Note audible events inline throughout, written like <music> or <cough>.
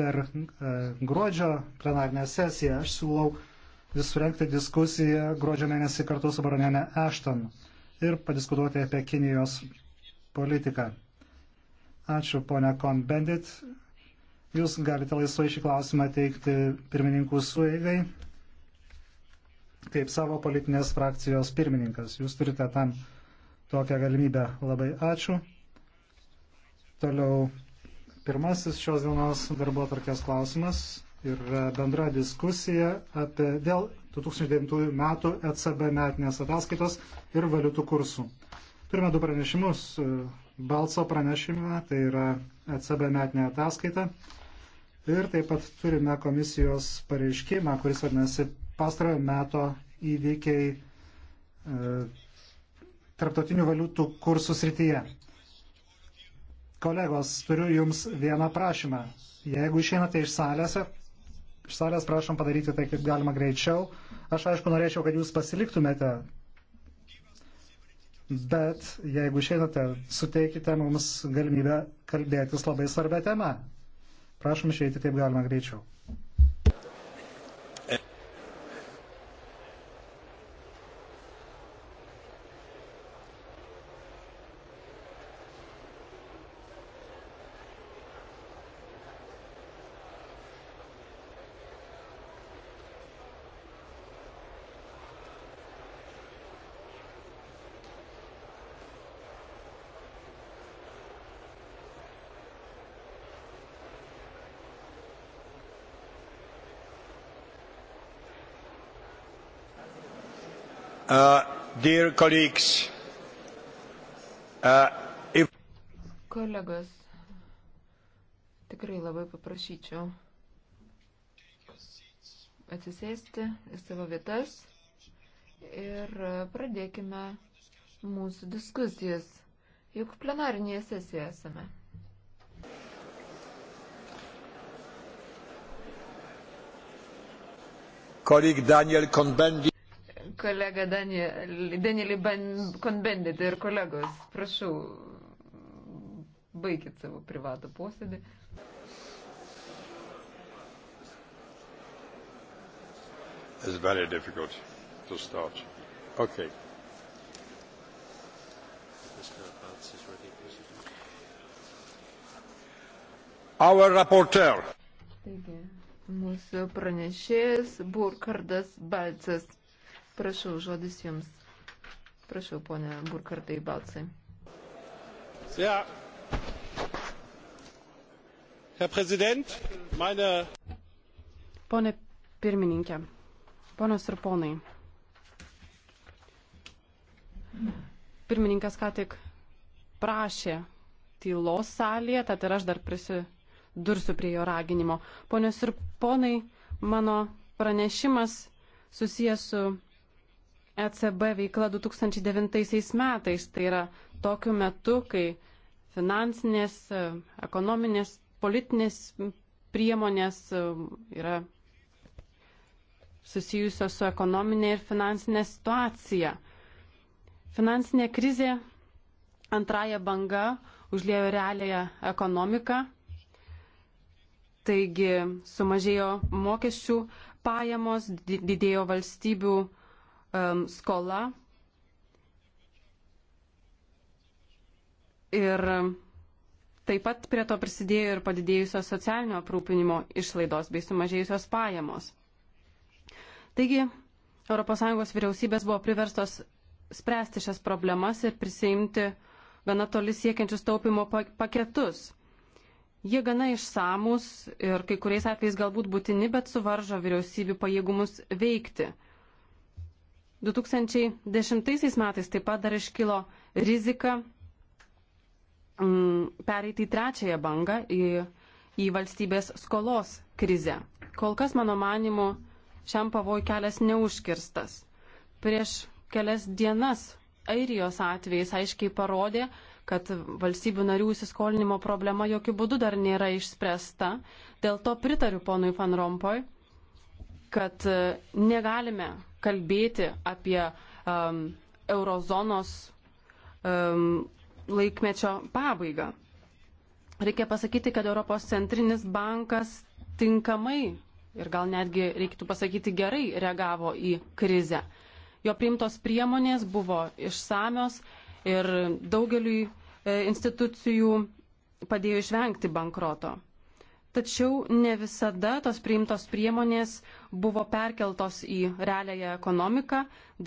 per e, gruodžio plenarinę sesiją aš siūlau vis surenkti diskusiją gruodžio mėnesį kartu su baronienė Ashton ir padiskutuoti apie Kinijos politiką. Ačiū, ponia Konbendit. Jūs galite laisvai šį klausimą teikti pirmininkų sueigai kaip savo politinės frakcijos pirmininkas. Jūs turite tam tokią galimybę. Labai ačiū. Toliau Pirmasis šios dienos darbo atvarkės klausimas yra bendra diskusija apie dėl 2009 metų ECB metinės ataskaitos ir valiutų kursų. Turime du pranešimus. Balso pranešimą, tai yra ECB metinė ataskaita. Ir taip pat turime komisijos pareiškimą, kuris vadinasi pastarojo meto įvykiai e, tarptautinių valiutų kursų srityje. Kolegos, turiu Jums vieną prašymą. Jeigu išeinate iš salės, iš salės prašom padaryti tai kaip galima greičiau. Aš aišku norėčiau, kad Jūs pasiliktumėte, bet jeigu išeinate, suteikite mums galimybę kalbėtis labai svarbia tema. Prašom išeiti kaip galima greičiau. Uh, dear colleagues, uh, if... Kolegos, tikrai labai paprašyčiau atsisėsti į savo vietas ir pradėkime mūsų diskusijas, juk plenarinėje sesijoje esame. Kolik Daniel Konbendi kolega Danielį Konbendit ir kolegos, prašau, baikit savo privatų posėdį. It's very difficult to start. Okay. Our rapporteur. Taigi, mūsų pranešėjas Burkardas Balcas. Prašau, žodis jums. Prašau, ponė Burkartai Balcai. Ja. Herr Präsident, meine. Pone pirmininkė, ponios ir ponai. Pirmininkas ką tik prašė tylos salėje, tad ir aš dar prisidursiu prie jo raginimo. Ponios ir ponai, mano pranešimas susijęs su ECB veikla 2009 metais, tai yra tokiu metu, kai finansinės, ekonominės, politinės priemonės um, yra susijusios su ekonominė ir finansinė situacija. Finansinė krizė antraja banga užlėjo realiąją ekonomiką, taigi sumažėjo mokesčių pajamos, didėjo valstybių um, skola. Ir taip pat prie to prisidėjo ir padidėjusios socialinio aprūpinimo išlaidos bei sumažėjusios pajamos. Taigi, ES vyriausybės buvo priverstos spręsti šias problemas ir prisimti gana toli siekiančius taupimo paketus. Jie gana išsamūs ir kai kuriais atvejais galbūt būtini, bet suvaržo vyriausybių pajėgumus veikti. 2010 metais taip pat dar iškilo rizika mm, pereiti į trečiąją bangą, į, į valstybės skolos krizę. Kol kas, mano manimu, šiam pavojų kelias neužkirstas. Prieš kelias dienas Airijos atvejais aiškiai parodė, kad valstybių narių įsiskolinimo problema jokių būdų dar nėra išspręsta. Dėl to pritariu ponui Van Rompoj, kad e, negalime kalbėti apie um, eurozonos um, laikmečio pabaigą. Reikia pasakyti, kad Europos centrinis bankas tinkamai ir gal netgi reikėtų pasakyti gerai reagavo į krizę. Jo priimtos priemonės buvo išsamios ir daugeliui e, institucijų padėjo išvengti bankroto tačiau ne visada tos priimtos priemonės buvo perkeltos į realiąją ekonomiką,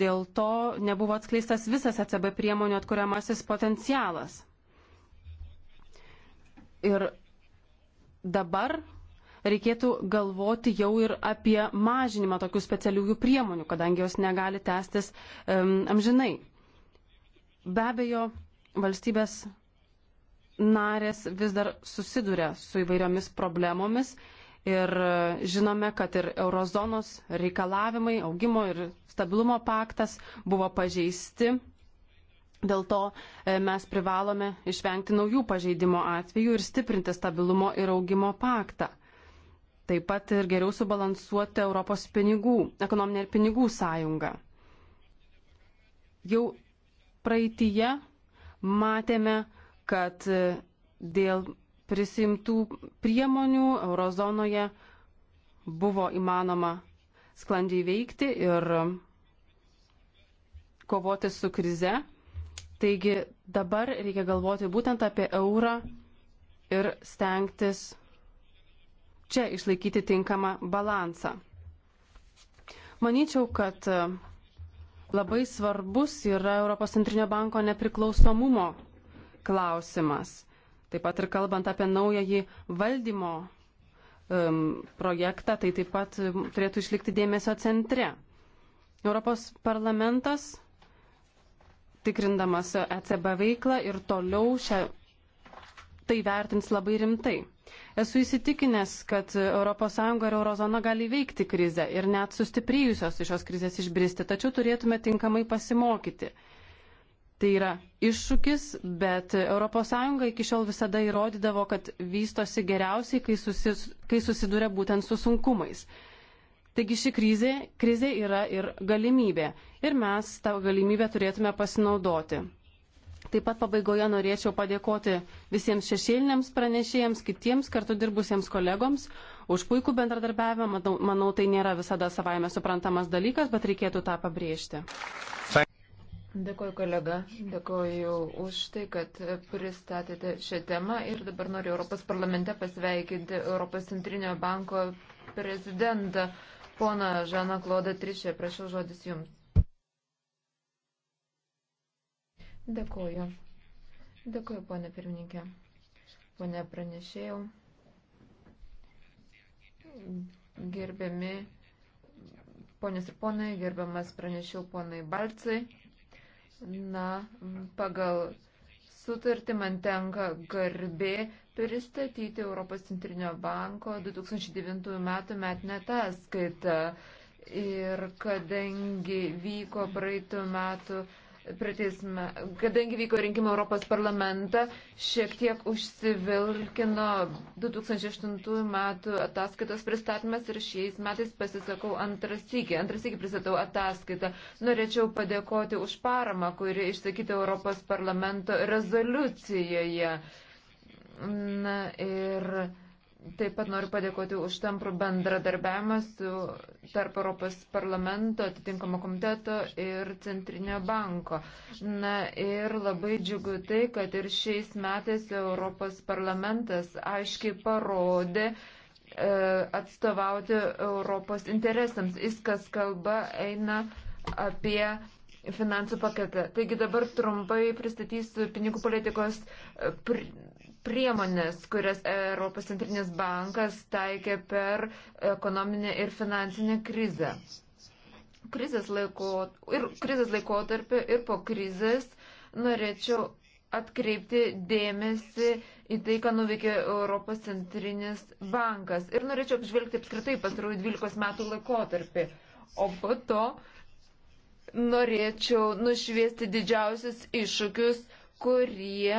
dėl to nebuvo atskleistas visas ECB priemonių atkuriamasis potencialas. Ir dabar reikėtų galvoti jau ir apie mažinimą tokių specialiųjų priemonių, kadangi jos negali tęstis um, amžinai. Be abejo, valstybės narės vis dar susiduria su įvairiomis problemomis ir e, žinome, kad ir eurozonos reikalavimai, augimo ir stabilumo paktas buvo pažeisti. Dėl to e, mes privalome išvengti naujų pažeidimo atvejų ir stiprinti stabilumo ir augimo paktą. Taip pat ir geriau subalansuoti Europos pinigų, ekonominę ir pinigų sąjungą. Jau praeitįje matėme, kad dėl prisimtų priemonių eurozonoje buvo įmanoma sklandžiai veikti ir kovoti su krize. Taigi dabar reikia galvoti būtent apie eurą ir stengtis čia išlaikyti tinkamą balansą. Manyčiau, kad labai svarbus yra Europos centrinio banko nepriklausomumo klausimas. Taip pat ir kalbant apie naująjį valdymo um, projektą, tai taip pat um, turėtų išlikti dėmesio centre. Europos parlamentas, tikrindamas ECB veiklą ir toliau šią tai vertins labai rimtai. Esu įsitikinęs, kad ES ir Eurozona gali veikti krizę ir net sustiprėjusios iš šios krizės išbristi, tačiau turėtume tinkamai pasimokyti. Tai yra iššūkis, bet ES iki šiol visada įrodydavo, kad vystosi geriausiai, kai, susis, kai susiduria būtent su sunkumais. Taigi ši krizė, krizė yra ir galimybė ir mes tą galimybę turėtume pasinaudoti. Taip pat pabaigoje norėčiau padėkoti visiems šešėliniams pranešėjams, kitiems kartu dirbusiems kolegoms už puikų bendradarbiavimą. Manau, tai nėra visada savaime suprantamas dalykas, bet reikėtų tą pabrėžti. Dėkuoju kolega, dėkuoju už tai, kad pristatėte šią temą ir dabar noriu Europos parlamente pasveikinti Europos centrinio banko prezidentą, poną Žaną Klodą Trišę. Prašau žodis jums. Dėkuoju. Dėkuoju, ponė pirmininkė. Pone pranešėjau. Gerbiami ponės ir ponai, gerbiamas pranešiau ponai Balcai. Na, pagal sutartį man tenka garbė pristatyti Europos centrinio banko 2009 metų metinę ataskaitą. Ir kadangi vyko praeitų metų Pratėsime, kadangi vyko rinkimai Europos parlamentą, šiek tiek užsivilkino 2008 metų ataskaitos pristatymas ir šiais metais pasisakau antras sykį. Antras sykį pristatau ataskaitą. Norėčiau padėkoti už paramą, kuri išsakyta Europos parlamento rezoliucijoje. Na ir. Taip pat noriu padėkoti už tamprų bendradarbiavimą su tarp Europos parlamento, atitinkamo komiteto ir Centrinio banko. Na ir labai džiugu tai, kad ir šiais metais Europos parlamentas aiškiai parodė e, atstovauti Europos interesams. Viskas kalba eina apie finansų paketą. Taigi dabar trumpai pristatysiu pinigų politikos. Pr priemonės, kurias Europos centrinis bankas taikė per ekonominę ir finansinę krizę. Krizės laiko, ir krizės laikotarpiu ir po krizės norėčiau atkreipti dėmesį į tai, ką nuveikė Europos centrinis bankas. Ir norėčiau apžvelgti apskritai pastarųjų 12 metų laikotarpį. O po to norėčiau nušviesti didžiausius iššūkius, kurie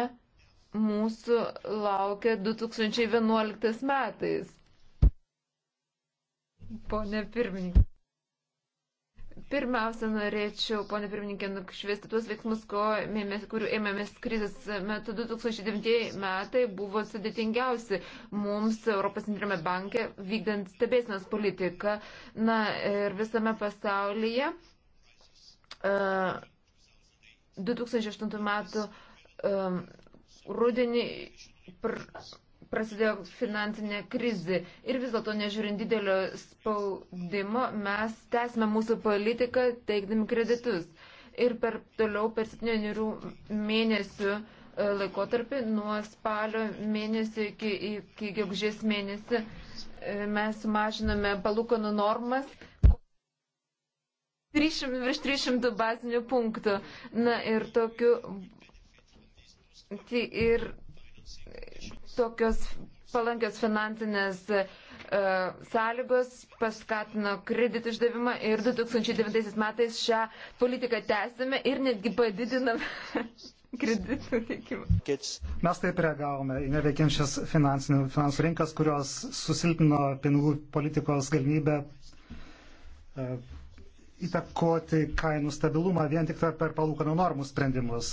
mūsų laukia 2011 metais. Pone pirmininkė. Pirmiausia, norėčiau, ponė pirmininkė, nukšviesti tuos veiksmus, mėmės, kurių ėmėmės krizės metu 2009 metai buvo sudėtingiausi mums Europos centrinėme banke vykdant stebėsinos politiką. Na ir visame pasaulyje 2008 e, metų e, rudenį pr prasidėjo finansinė krizė ir vis dėlto nežiūrint didelio spaudimo mes tęsime mūsų politiką teikdami kreditus. Ir per toliau per 7 mėnesių e, laikotarpį nuo spalio mėnesio iki, iki gegužės mėnesį e, mes sumažiname palūkanų normas 300, virš 300 bazinių punktų. Na ir tokiu Tai ir tokios palankios finansinės uh, sąlygos paskatino kreditų išdavimą ir 2009 metais šią politiką tęsime ir netgi padidiname <laughs> kreditų teikimą. Mes taip reagavome į neveikiančias finansų rinkas, kurios susilpino pinigų politikos galimybę uh, įtakoti kainų stabilumą vien tik per palūkanų normų sprendimus.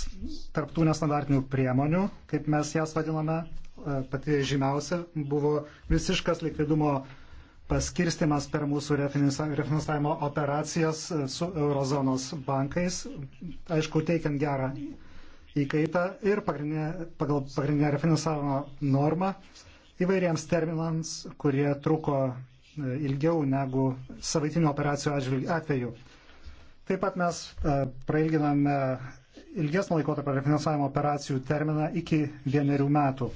Tarptų nestandartinių priemonių, kaip mes jas vadiname, e, pati žymiausia buvo visiškas likvidumo paskirstimas per mūsų refinansavimo operacijas e, su eurozonos bankais, aišku, teikiant gerą įkaitą ir pagrindinė, pagal pagrindinę refinansavimo normą įvairiems terminams, kurie truko ilgiau negu savaitinių operacijų atveju. Taip pat mes e, prailginame ilgesnį laikotarpį refinansavimo operacijų terminą iki vienerių metų.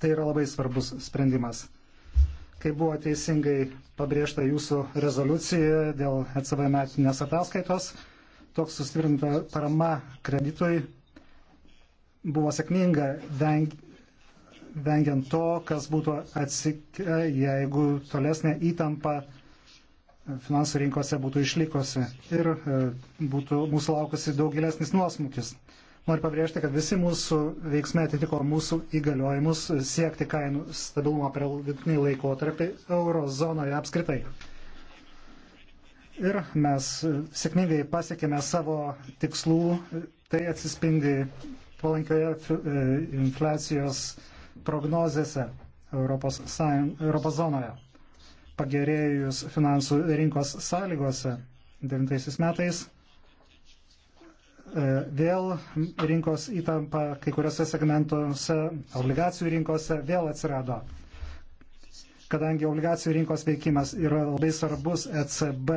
Tai yra labai svarbus sprendimas. Kaip buvo teisingai pabrėžta jūsų rezoliucijoje dėl ECB metinės ataskaitos, toks sustiprinta parama kreditui buvo sėkminga vengiant to, kas būtų atsikę, jeigu tolesnė įtampa finansų rinkose būtų išlikusi ir e, būtų mūsų laukusi daug gilesnis nuosmukis. Noriu pabrėžti, kad visi mūsų veiksmai atitiko mūsų įgaliojimus siekti kainų stabilumo per vidutinį laikotarpį eurozonoje apskritai. Ir mes sėkmingai pasiekėme savo tikslų, tai atsispindi palankioje e, infliacijos prognozėse Europos, sąjung, Europos zonoje. Pagerėjus finansų rinkos sąlygose 9 metais e, vėl rinkos įtampa kai kuriuose segmentuose, obligacijų rinkose vėl atsirado. Kadangi obligacijų rinkos veikimas yra labai svarbus ECB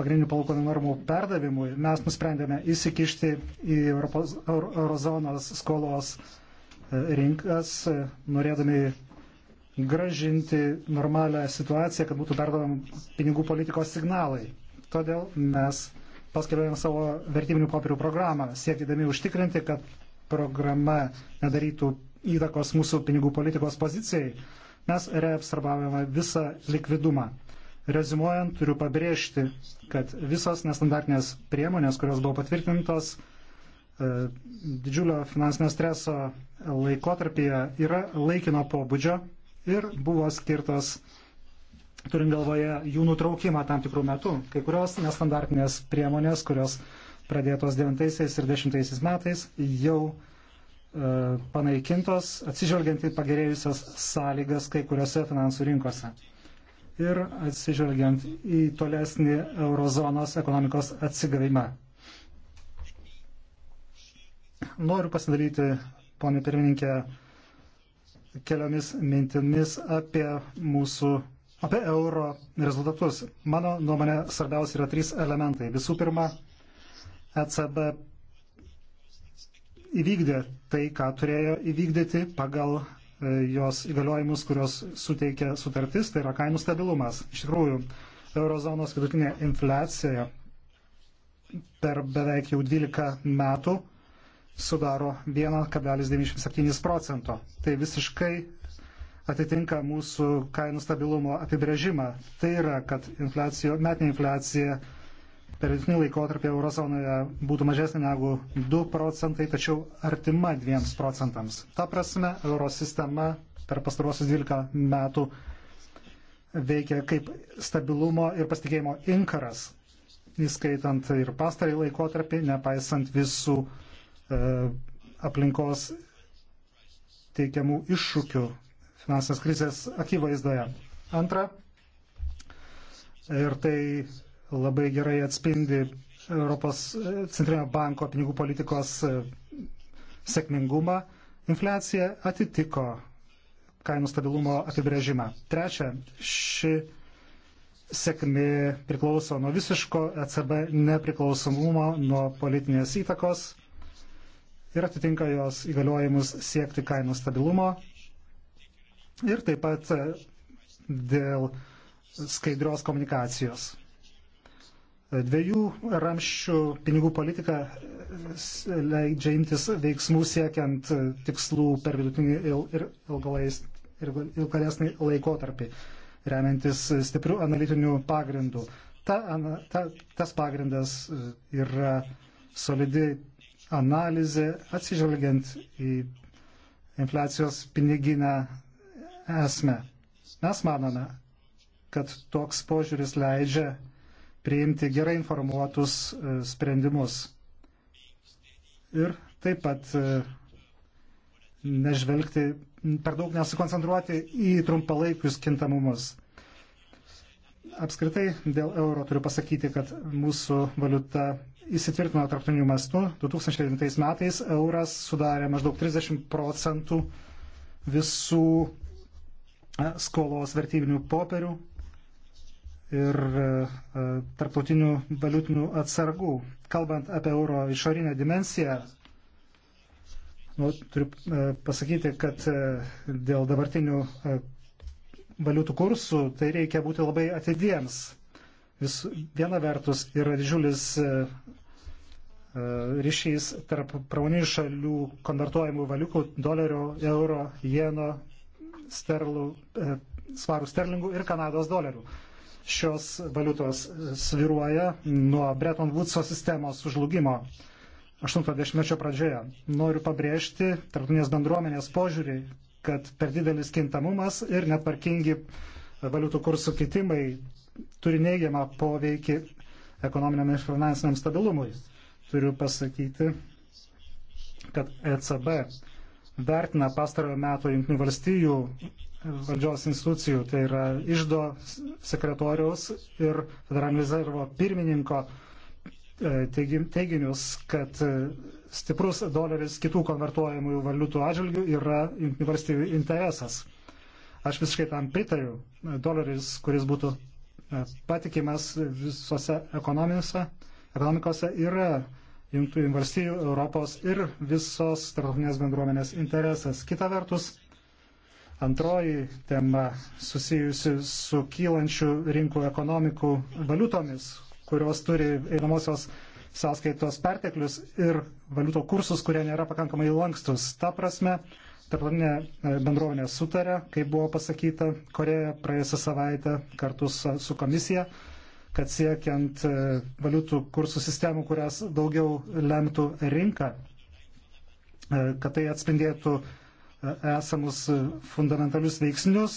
pagrindinių palūkanų normų perdavimui, mes nusprendėme įsikišti į Europos, Eurozonos skolos uh, rinkas, norėdami gražinti normalią situaciją, kad būtų perdodam pinigų politikos signalai. Todėl mes paskelbėm savo vertybinių popierių programą, siekdami užtikrinti, kad programa nedarytų įtakos mūsų pinigų politikos pozicijai. Mes reabsorbavome visą likvidumą. Rezumuojant, turiu pabrėžti, kad visos nestandartinės priemonės, kurios buvo patvirtintos, e, didžiulio finansinio streso laikotarpyje yra laikino pobūdžio ir buvo skirtos, turint galvoje, jų nutraukimą tam tikrų metų. Kai kurios nestandartinės priemonės, kurios pradėtos 9 ir 10 metais, jau e, panaikintos, atsižvelgiant į pagerėjusias sąlygas kai kuriuose finansų rinkose ir atsižvelgiant į tolesnį eurozonos ekonomikos atsigavimą. Noriu pasidaryti ponė pirmininkė, keliomis mintimis apie mūsų, apie euro rezultatus. Mano nuomonė svarbiausia yra trys elementai. Visų pirma, ECB įvykdė tai, ką turėjo įvykdyti pagal e, jos įgaliojimus, kurios suteikia sutartis, tai yra kainų stabilumas. Iš tikrųjų, eurozonos vidutinė infliacija per beveik jau 12 metų sudaro 1,97 procento. Tai visiškai atitinka mūsų kainų stabilumo apibrėžimą. Tai yra, kad infliacijo, metinė infliacija per vidutinį laikotarpį eurozonoje būtų mažesnė negu 2 procentai, tačiau artima 2 procentams. Ta prasme, eurosistema per pastarosius 12 metų veikia kaip stabilumo ir pasitikėjimo inkaras, įskaitant ir pastarį laikotarpį, nepaisant visų uh, E, aplinkos teikiamų iššūkių finansinės krizės akivaizdoje. Antra, ir tai labai gerai atspindi Europos e, centrinio banko pinigų politikos e, sėkmingumą, infliacija atitiko kainų stabilumo apibrėžimą. Trečia, ši sėkmė priklauso nuo visiško ECB nepriklausomumo, nuo politinės įtakos ir atitinka jos įgaliojimus siekti kainų stabilumo ir taip pat e, dėl skaidrios komunikacijos. E, dviejų ramščių pinigų politika e, leidžia imtis veiksmų siekiant tikslų per vidutinį ir ilgalesnį laikotarpį, remiantis stiprių analitinių pagrindų. Ta, ta, tas pagrindas yra solidi analizė atsižvelgiant į infliacijos piniginę esmę. Mes manome, kad toks požiūris leidžia priimti gerai informuotus e, sprendimus. Ir taip pat e, nežvelgti, per daug nesikoncentruoti į trumpalaikius kintamumus. Apskritai dėl euro turiu pasakyti, kad mūsų valiuta įsitvirtino tarptautiniu mastu, 2009 metais euras sudarė maždaug 30 procentų visų e, skolos vertybinių popierių ir e, e, tarptautinių valiutinių atsargų. Kalbant apie euro išorinę dimensiją, nu, turiu pasakyti, kad dėl dabartinių valiutų kursų tai reikia būti labai atidiems. Vis, viena vertus yra didžiulis ryšys tarp pramoninių šalių konvertuojamų valiukų dolerio, euro, jeno, sterlų, e, svarų sterlingų ir Kanados dolerių. Šios valiutos sviruoja nuo Bretton Woodso sistemos sužlugimo 80-mečio pradžioje. Noriu pabrėžti tarptautinės bendruomenės požiūrį, kad per didelis kintamumas ir netvarkingi valiutų kursų kitimai turi neigiamą poveikį ekonominiam ir finansiniam stabilumui turiu pasakyti, kad ECB vertina pastarojo meto jungtinių valstijų valdžios institucijų, tai yra išdo sekretoriaus ir Federalinio rezervo pirmininko e, teiginius, kad e, stiprus doleris kitų konvertuojamųjų valiutų atžvilgių yra jungtinių valstybių interesas. Aš visiškai tam pritariu. Doleris, kuris būtų e, patikimas visose ekonomikose, yra Junktųjų valstybių, Europos ir visos tarptautinės bendruomenės interesas. Kita vertus, antroji tema susijusi su kylančių rinkų ekonomikų valiutomis, kurios turi einamosios sąskaitos perteklius ir valiuto kursus, kurie nėra pakankamai lankstus. Ta prasme, tarptautinė e, bendruomenė sutarė, kaip buvo pasakyta Koreja praėjusią savaitę kartu su komisija kad siekiant e, valiutų kursų sistemų, kurias daugiau lemtų rinka, e, kad tai atspindėtų e, esamus fundamentalius veiksnius.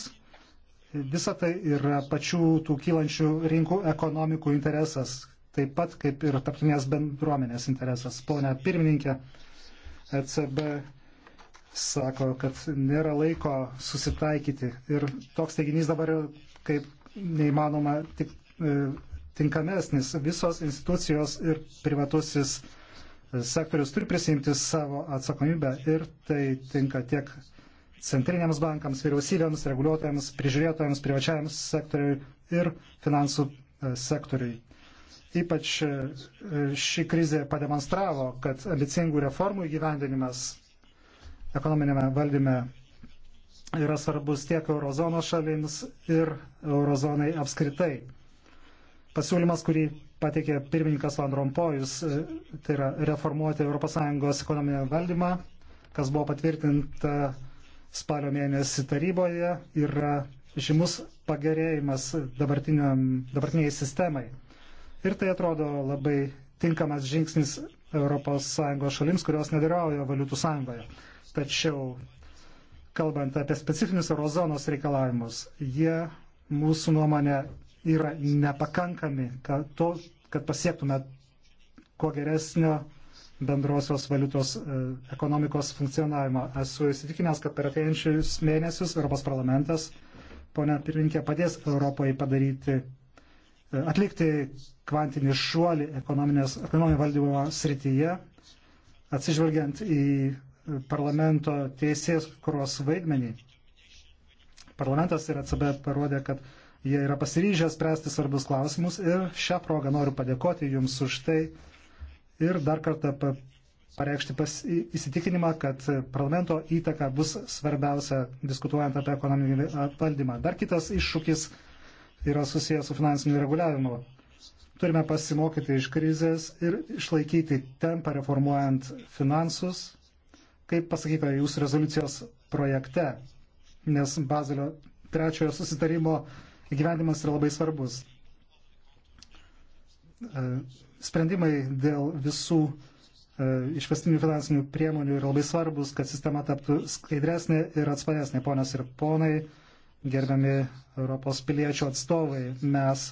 Visa tai yra pačių tų kylančių rinkų ekonomikų interesas, taip pat kaip ir tarptautinės bendruomenės interesas. Pone pirmininkė, ECB sako, kad nėra laiko susitaikyti. Ir toks teiginys dabar kaip neįmanoma tik tinkamesnis. Visos institucijos ir privatusis sektorius turi prisimti savo atsakomybę ir tai tinka tiek centriniams bankams, vyriausybėms, reguliuotojams, prižiūrėtojams, privačiajam sektoriui ir finansų e, sektoriui. Ypač e, ši krizė pademonstravo, kad ambicingų reformų įgyvendinimas ekonominėme valdyme yra svarbus tiek eurozonos šalims ir eurozonai apskritai. Pasiūlymas, kurį pateikė pirmininkas Van Rompojus, e, tai yra reformuoti ES ekonominę valdymą, kas buvo patvirtinta spalio mėnesį taryboje, yra žymus pagerėjimas dabartiniai sistemai. Ir tai atrodo labai tinkamas žingsnis ES šalims, kurios nedalyvauja valiutų sąjungoje. Tačiau, kalbant apie specifinius eurozonos reikalavimus, jie mūsų nuomonė yra nepakankami, kad, to, kad pasiektume kuo geresnio bendrosios valiutos e, ekonomikos funkcionavimo. Esu įsitikinęs, kad per ateinančius mėnesius Europos parlamentas, ponia pirminkė, padės Europoje padaryti, e, atlikti kvantinį šuolį ekonominio valdymo srityje, atsižvelgiant į parlamento teisės kuros vaidmenį. Parlamentas ir ACB parodė, kad Jie yra pasiryžę spręsti svarbus klausimus ir šią progą noriu padėkoti Jums už tai ir dar kartą pareikšti pas, įsitikinimą, kad parlamento įtaka bus svarbiausia diskutuojant apie ekonominį valdymą. Dar kitas iššūkis yra susijęs su finansiniu reguliavimu. Turime pasimokyti iš krizės ir išlaikyti tempą reformuojant finansus, kaip pasakyta jūsų rezoliucijos projekte, nes Bazilio trečiojo susitarimo įgyvendimas yra labai svarbus. E, sprendimai dėl visų e, išvestinių finansinių priemonių yra labai svarbus, kad sistema taptų skaidresnė ir atsparesnė. Ponios ir ponai, gerbiami Europos piliečių atstovai, mes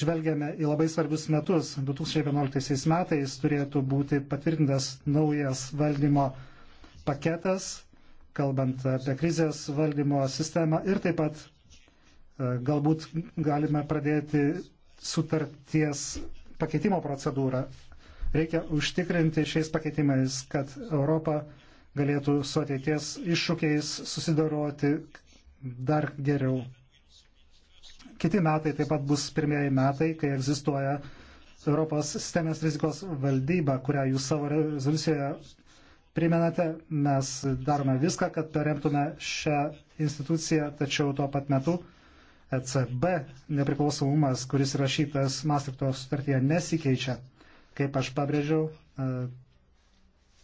žvelgiame į labai svarbius metus. 2011 metais turėtų būti patvirtintas naujas valdymo paketas, kalbant apie krizės valdymo sistemą ir taip pat E, galbūt galime pradėti sutarties pakeitimo procedūrą. Reikia užtikrinti šiais pakeitimais, kad Europa galėtų su ateities iššūkiais susidoroti dar geriau. Kiti metai taip pat bus pirmieji metai, kai egzistuoja Europos sisteminės rizikos valdyba, kurią jūs savo rezoliucijoje primenate. Mes darome viską, kad paremtume šią instituciją, tačiau tuo pat metu ECB nepriklausomumas, kuris rašytas Maastrichto sutartyje, nesikeičia. Kaip aš pabrėžiau, e,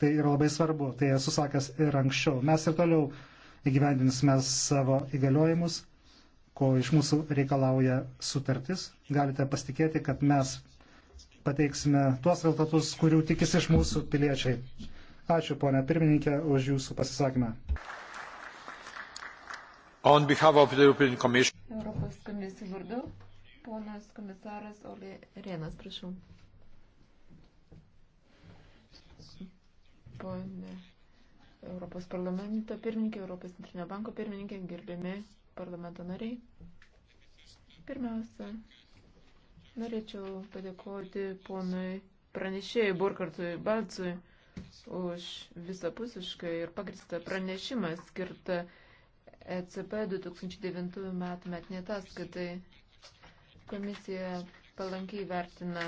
tai yra labai svarbu. Tai esu sakęs ir anksčiau. Mes ir toliau įgyvendinsime savo įgaliojimus, ko iš mūsų reikalauja sutartis. Galite pasitikėti, kad mes pateiksime tuos rezultatus, kurių tikisi iš mūsų piliečiai. Ačiū, ponia pirmininkė, už jūsų pasisakymą. Europos komisijų vardu, ponas komisaras Olė Rėnas, prašau. Pone Europos parlamento pirmininkė, Europos centrinio banko pirmininkė, gerbiami parlamento nariai. Pirmiausia, norėčiau padėkoti ponui pranešėjai Burkartui Balcui už visapusišką ir pagristą pranešimą skirtą ECB 2009 metų metinė ataskaitai. Komisija palankiai vertina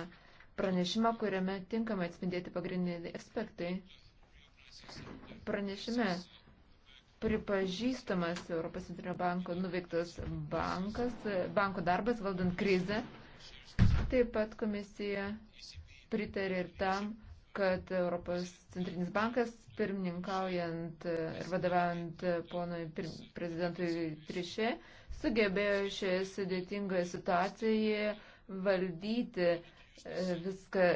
pranešimą, kuriame tinkamai atspindėti pagrindiniai aspektai. Pranešime pripažįstamas Europos centrinio banko nuveiktas bankas, banko darbas valdant krizę. Taip pat komisija pritarė ir tam, kad Europos centrinis bankas pirmininkaujant ir vadovaujant ponui prezidentui Trišė sugebėjo šioje sudėtingoje situacijoje valdyti e, viską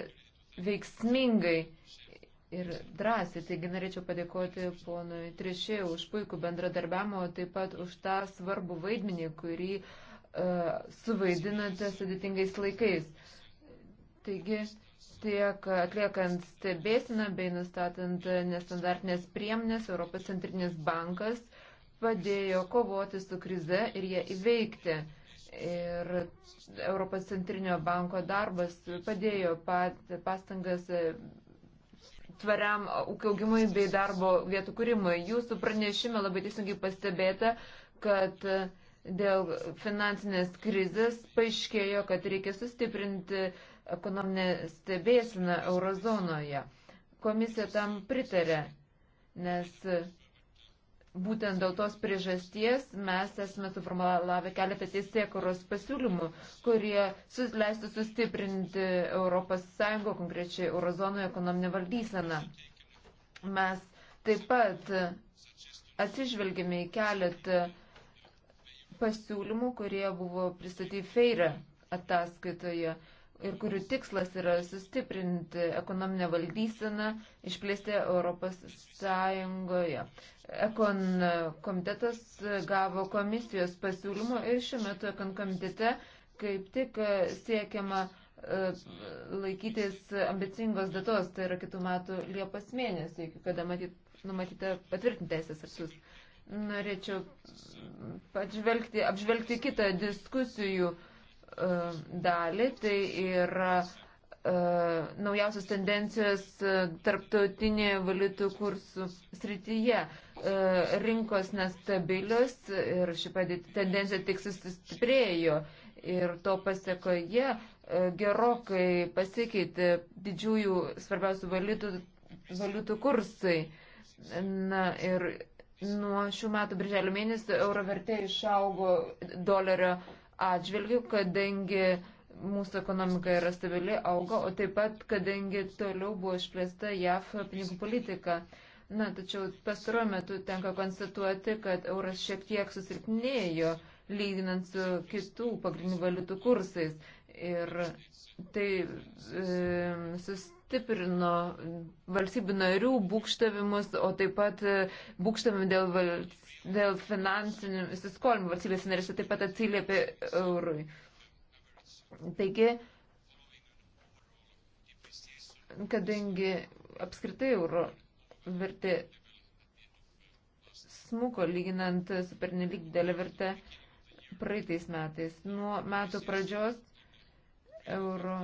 veiksmingai ir drąsiai. Taigi norėčiau padėkoti ponui Trišė už puikų bendradarbiavimą, o taip pat už tą svarbų vaidmenį, kurį uh, e, suvaidinate sudėtingais laikais. Taigi, tiek atliekant stebėsiną bei nustatant nestandartinės priemonės, Europos centrinis bankas padėjo kovoti su krize ir ją įveikti. Ir Europos centrinio banko darbas padėjo pastangas tvariam ūkio augimui bei darbo vietų kūrimui. Jūsų pranešime labai teisingai pastebėta, kad dėl finansinės krizės paaiškėjo, kad reikia sustiprinti uh, ekonominė stebėsina eurozonoje. Komisija tam pritarė, nes būtent dėl tos priežasties mes esame suformalavę keletą teisėkuros pasiūlymų, kurie leistų sustiprinti ES, konkrečiai eurozonoje ekonominę valdyseną. Mes taip pat atsižvelgėme į keletą pasiūlymų, kurie buvo pristatyti Feira ataskaitoje ir kurių tikslas yra sustiprinti ekonominę valdyseną išplėsti Europos Sąjungoje. Ekon komitetas gavo komisijos pasiūlymą ir šiuo metu Ekon komitete kaip tik siekiama e, laikytis ambicingos datos, tai yra kitų metų Liepos mėnesį, iki kada matyt, numatyta patvirtinti teisės aktus. Norėčiau apžvelgti kitą diskusijų uh, E, dalį, tai yra e, naujausios tendencijos e, tarptautinė valiutų kursų srityje. Rinkos nestabilios ir ši tendencija tik sustiprėjo ir to pasiekoje gerokai pasikeitė didžiųjų svarbiausių valiutų, valiutų kursai. Na ir nuo šių metų birželio mėnesio euro vertė išaugo dolerio atžvilgių, kadangi mūsų ekonomika yra stabili, auga, o taip pat, kadangi toliau buvo išplėsta JAF pinigų politika. Na, tačiau pastaruoju metu tenka konstatuoti, kad euras šiek tiek susilpnėjo lyginant su kitų pagrindinių valiutų kursais. Ir tai e, sustiprino valstybių narių būkštavimus, o taip pat būkštavim dėl valstybės dėl finansinių įsiskolimų valstybės narėse taip pat atsiliepė eurui. Taigi, kadangi apskritai euro vertė smuko lyginant su pernelyg didelė vertė praeitais metais. Nuo metų pradžios euro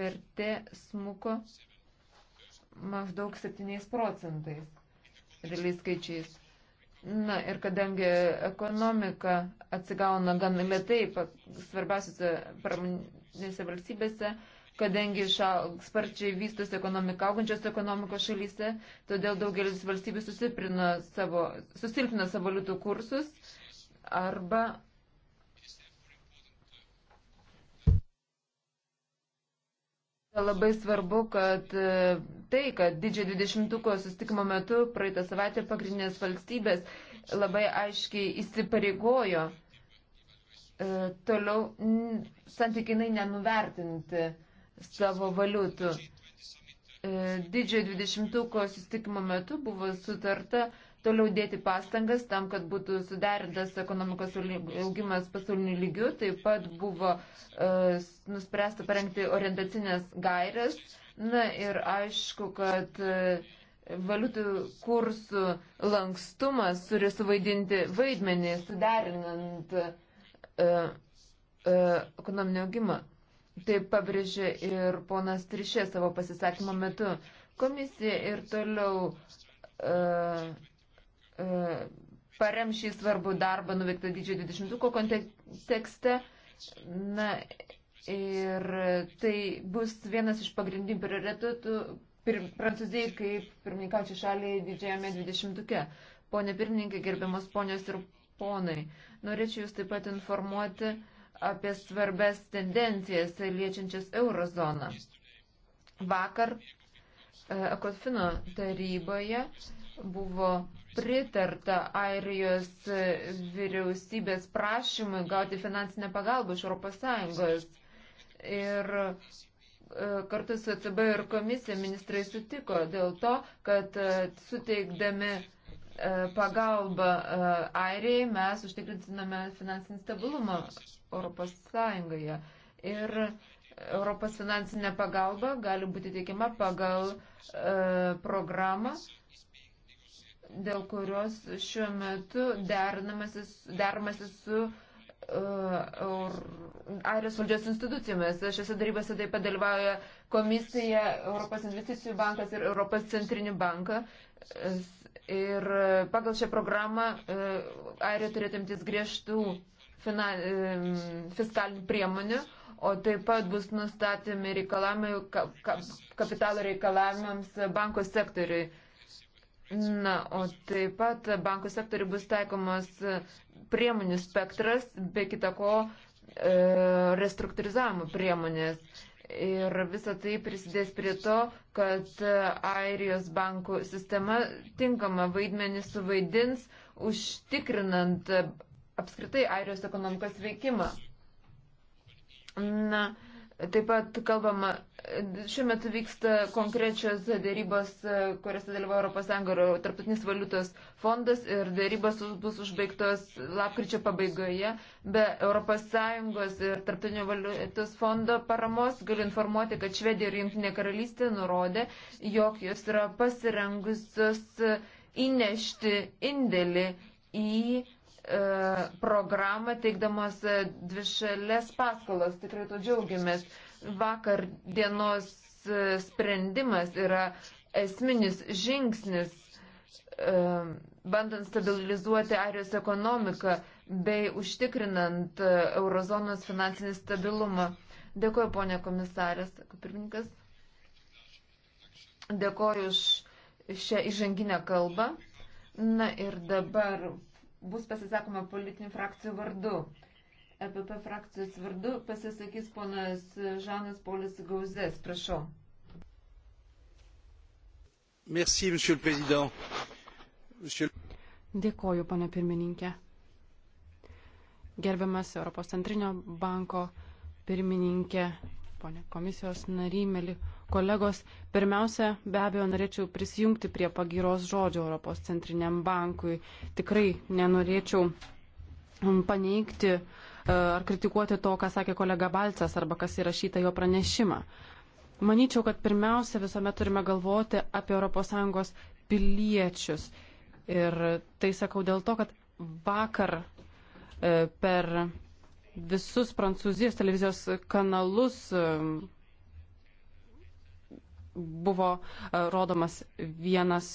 vertė smuko maždaug 7 procentais realiais skaičiais. Na ir kadangi ekonomika atsigauna gan lietai svarbiausiose pramonėse valstybėse, kadangi ša, sparčiai vystosi ekonomika augančios ekonomikos šalyse, todėl daugelis valstybių susilpnina savo, susilpina savo liutų kursus arba Labai svarbu, kad e, tai, kad didžiojo dvidešimtuko sustikimo metu praeitą savaitę pagrindinės valstybės labai aiškiai įsipareigojo e, toliau santykinai nenuvertinti savo valiutų. E, didžiojo dvidešimtuko sustikimo metu buvo sutarta toliau dėti pastangas tam, kad būtų suderintas ekonomikos augimas pasauliniu lygiu. Taip pat buvo uh, nuspręsta parengti orientacinės gairias. Na ir aišku, kad uh, valiutų kursų lankstumas turi suvaidinti vaidmenį, suderinant uh, uh, ekonominį augimą. Taip pabrėžė ir ponas Trišė savo pasisakymo metu. Komisija ir toliau uh, E, parem šį svarbų darbą nuveiktą didžiojo 20-ko kontekste. Na, ir tai bus vienas iš pagrindinių prioritetų pir, Prancūzijai kaip pirmininkaučiai šaliai didžiajame 20-ke. Pone pirmininkai, gerbiamas ponios ir ponai, norėčiau jūs taip pat informuoti apie svarbes tendencijas liečiančias eurozoną. Vakar e, Ekofino taryboje buvo pritarta Airijos vyriausybės prašymui gauti finansinę pagalbą iš ES. Ir e, kartu su ECB ir komisija ministrai sutiko dėl to, kad e, suteikdami e, pagalbą Airijai mes užtikrintiname finansinį stabilumą ES. Ir Europos finansinė pagalba gali būti teikiama pagal programą dėl kurios šiuo metu deramasi su uh, Airijos valdžios institucijomis. Šiuose darybose taip pat dalyvauja komisija, Europos investicijų bankas ir Europos centrinį banką. Ir pagal šią programą uh, Airija turėtų imtis griežtų finan, um, e, fiskalinių priemonių, o taip pat bus nustatymi reikalavimai, ka, ka, kapitalo reikalavimams banko sektoriui. Uh, Na, o taip pat bankų sektoriui bus taikomas e, priemonių spektras, be kita ko e, restruktūrizavimo priemonės. Ir visa tai prisidės prie to, kad e, Airijos bankų sistema tinkamą vaidmenį suvaidins, užtikrinant e, apskritai Airijos ekonomikos veikimą. Na, Taip pat kalbama, šiuo metu vyksta konkrečios dėrybos, kuriuose dalyvauja ES ir Tarptautinis valiutos fondas ir dėrybos bus užbaigtos lapkričio pabaigoje. Be ES ir Tarptautinio valiutos fondo paramos galiu informuoti, kad Švedija ir Junktinė karalystė nurodė, jog jos yra pasirengusios įnešti indėlį į E, programą teikdamos e, dvišalės paskolas. Tikrai to džiaugiamės. Vakar dienos e, sprendimas yra esminis žingsnis, bandant stabilizuoti Arijos ekonomiką bei užtikrinant eurozonos finansinį stabilumą. Dėkuoju, ponė komisarės, pirmininkas. Dėkuoju už šią įžanginę kalbą. Na ir dabar bus pasisakoma politinių frakcijų vardu. EPP frakcijos vardu pasisakys ponas Žanas Polis Gauzės. Prašau. Merci, monsieur le président. Monsieur... Dėkoju, pane pirmininkė. Gerbiamas Europos centrinio banko pirmininkė, ponė komisijos nary, mėly kolegos. Pirmiausia, be abejo, norėčiau prisijungti prie pagyros žodžio Europos centriniam bankui. Tikrai nenorėčiau mm, paneigti e, ar kritikuoti to, ką sakė kolega Balcas arba kas įrašyta jo pranešimą. Manyčiau, kad pirmiausia visuomet turime galvoti apie ES piliečius. Ir tai sakau dėl to, kad vakar e, per visus prancūzijos televizijos kanalus um, buvo uh, rodomas vienas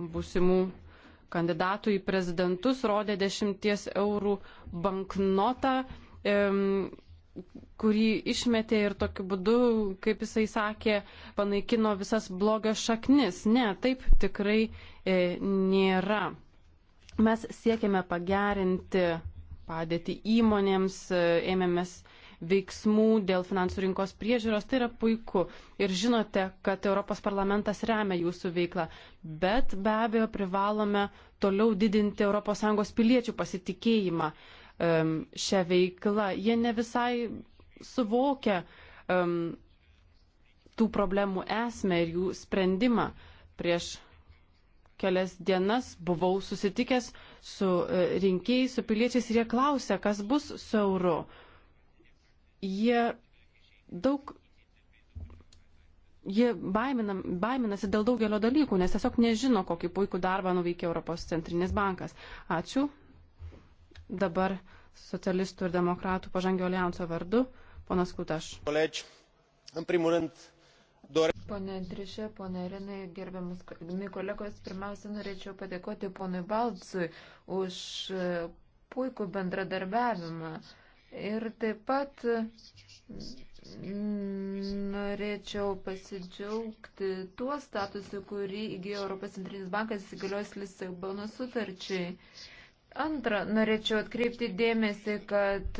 būsimų kandidatų į prezidentus, rodė 10 eurų banknotą, um, kurį išmetė ir tokiu būdu, kaip jisai sakė, panaikino visas blogio šaknis. Ne, taip tikrai e, nėra. Mes siekiame pagerinti padėtį įmonėms, e, ėmėmės veiksmų dėl finansų rinkos priežiūros, tai yra puiku. Ir žinote, kad Europos parlamentas remia jūsų veiklą, bet be abejo privalome toliau didinti ES piliečių pasitikėjimą um, šią veiklą. Jie ne visai suvokia um, tų problemų esmę ir jų sprendimą prieš kelias dienas buvau susitikęs su e, rinkėjais, su piliečiais ir jie klausė, kas bus su euru. Jie daug. Jie baiminam, baiminasi dėl daugelio dalykų, nes tiesiog nežino, kokį puikų darbą nuveikė Europos centrinis bankas. Ačiū. Dabar socialistų ir demokratų pažangio alijanso vardu, ponas Kutaš. Kolegi, în primul rând, doresc. Pone Trišė, pone Renai, gerbiamus kolegos, pirmiausia, norėčiau padėkoti ponui Balcui už e, puikų bendradarbiavimą. Ir taip pat mm, norėčiau pasidžiaugti tuo statusu, kurį įgyjo Europos centrinis bankas įsigaliojus Lisabono sutarčiai. Antra, norėčiau atkreipti dėmesį, kad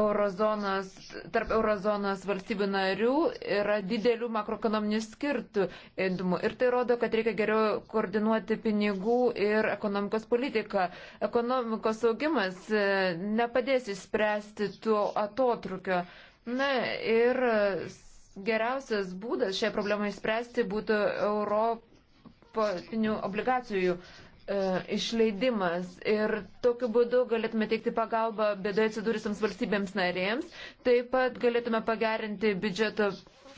eurozonos, tarp eurozonos valstybių narių yra didelių makroekonominių skirtumų. Ir tai rodo, kad reikia geriau koordinuoti pinigų ir ekonomikos politiką. Ekonomikos augimas e, nepadės išspręsti tuo atotrukio. Na ir geriausias būdas šią problemą išspręsti būtų europinių obligacijų E, išleidimas ir tokiu būdu galėtume teikti pagalbą bėdoje atsidūrusiams valstybėms narėms, taip pat galėtume pagerinti biudžeto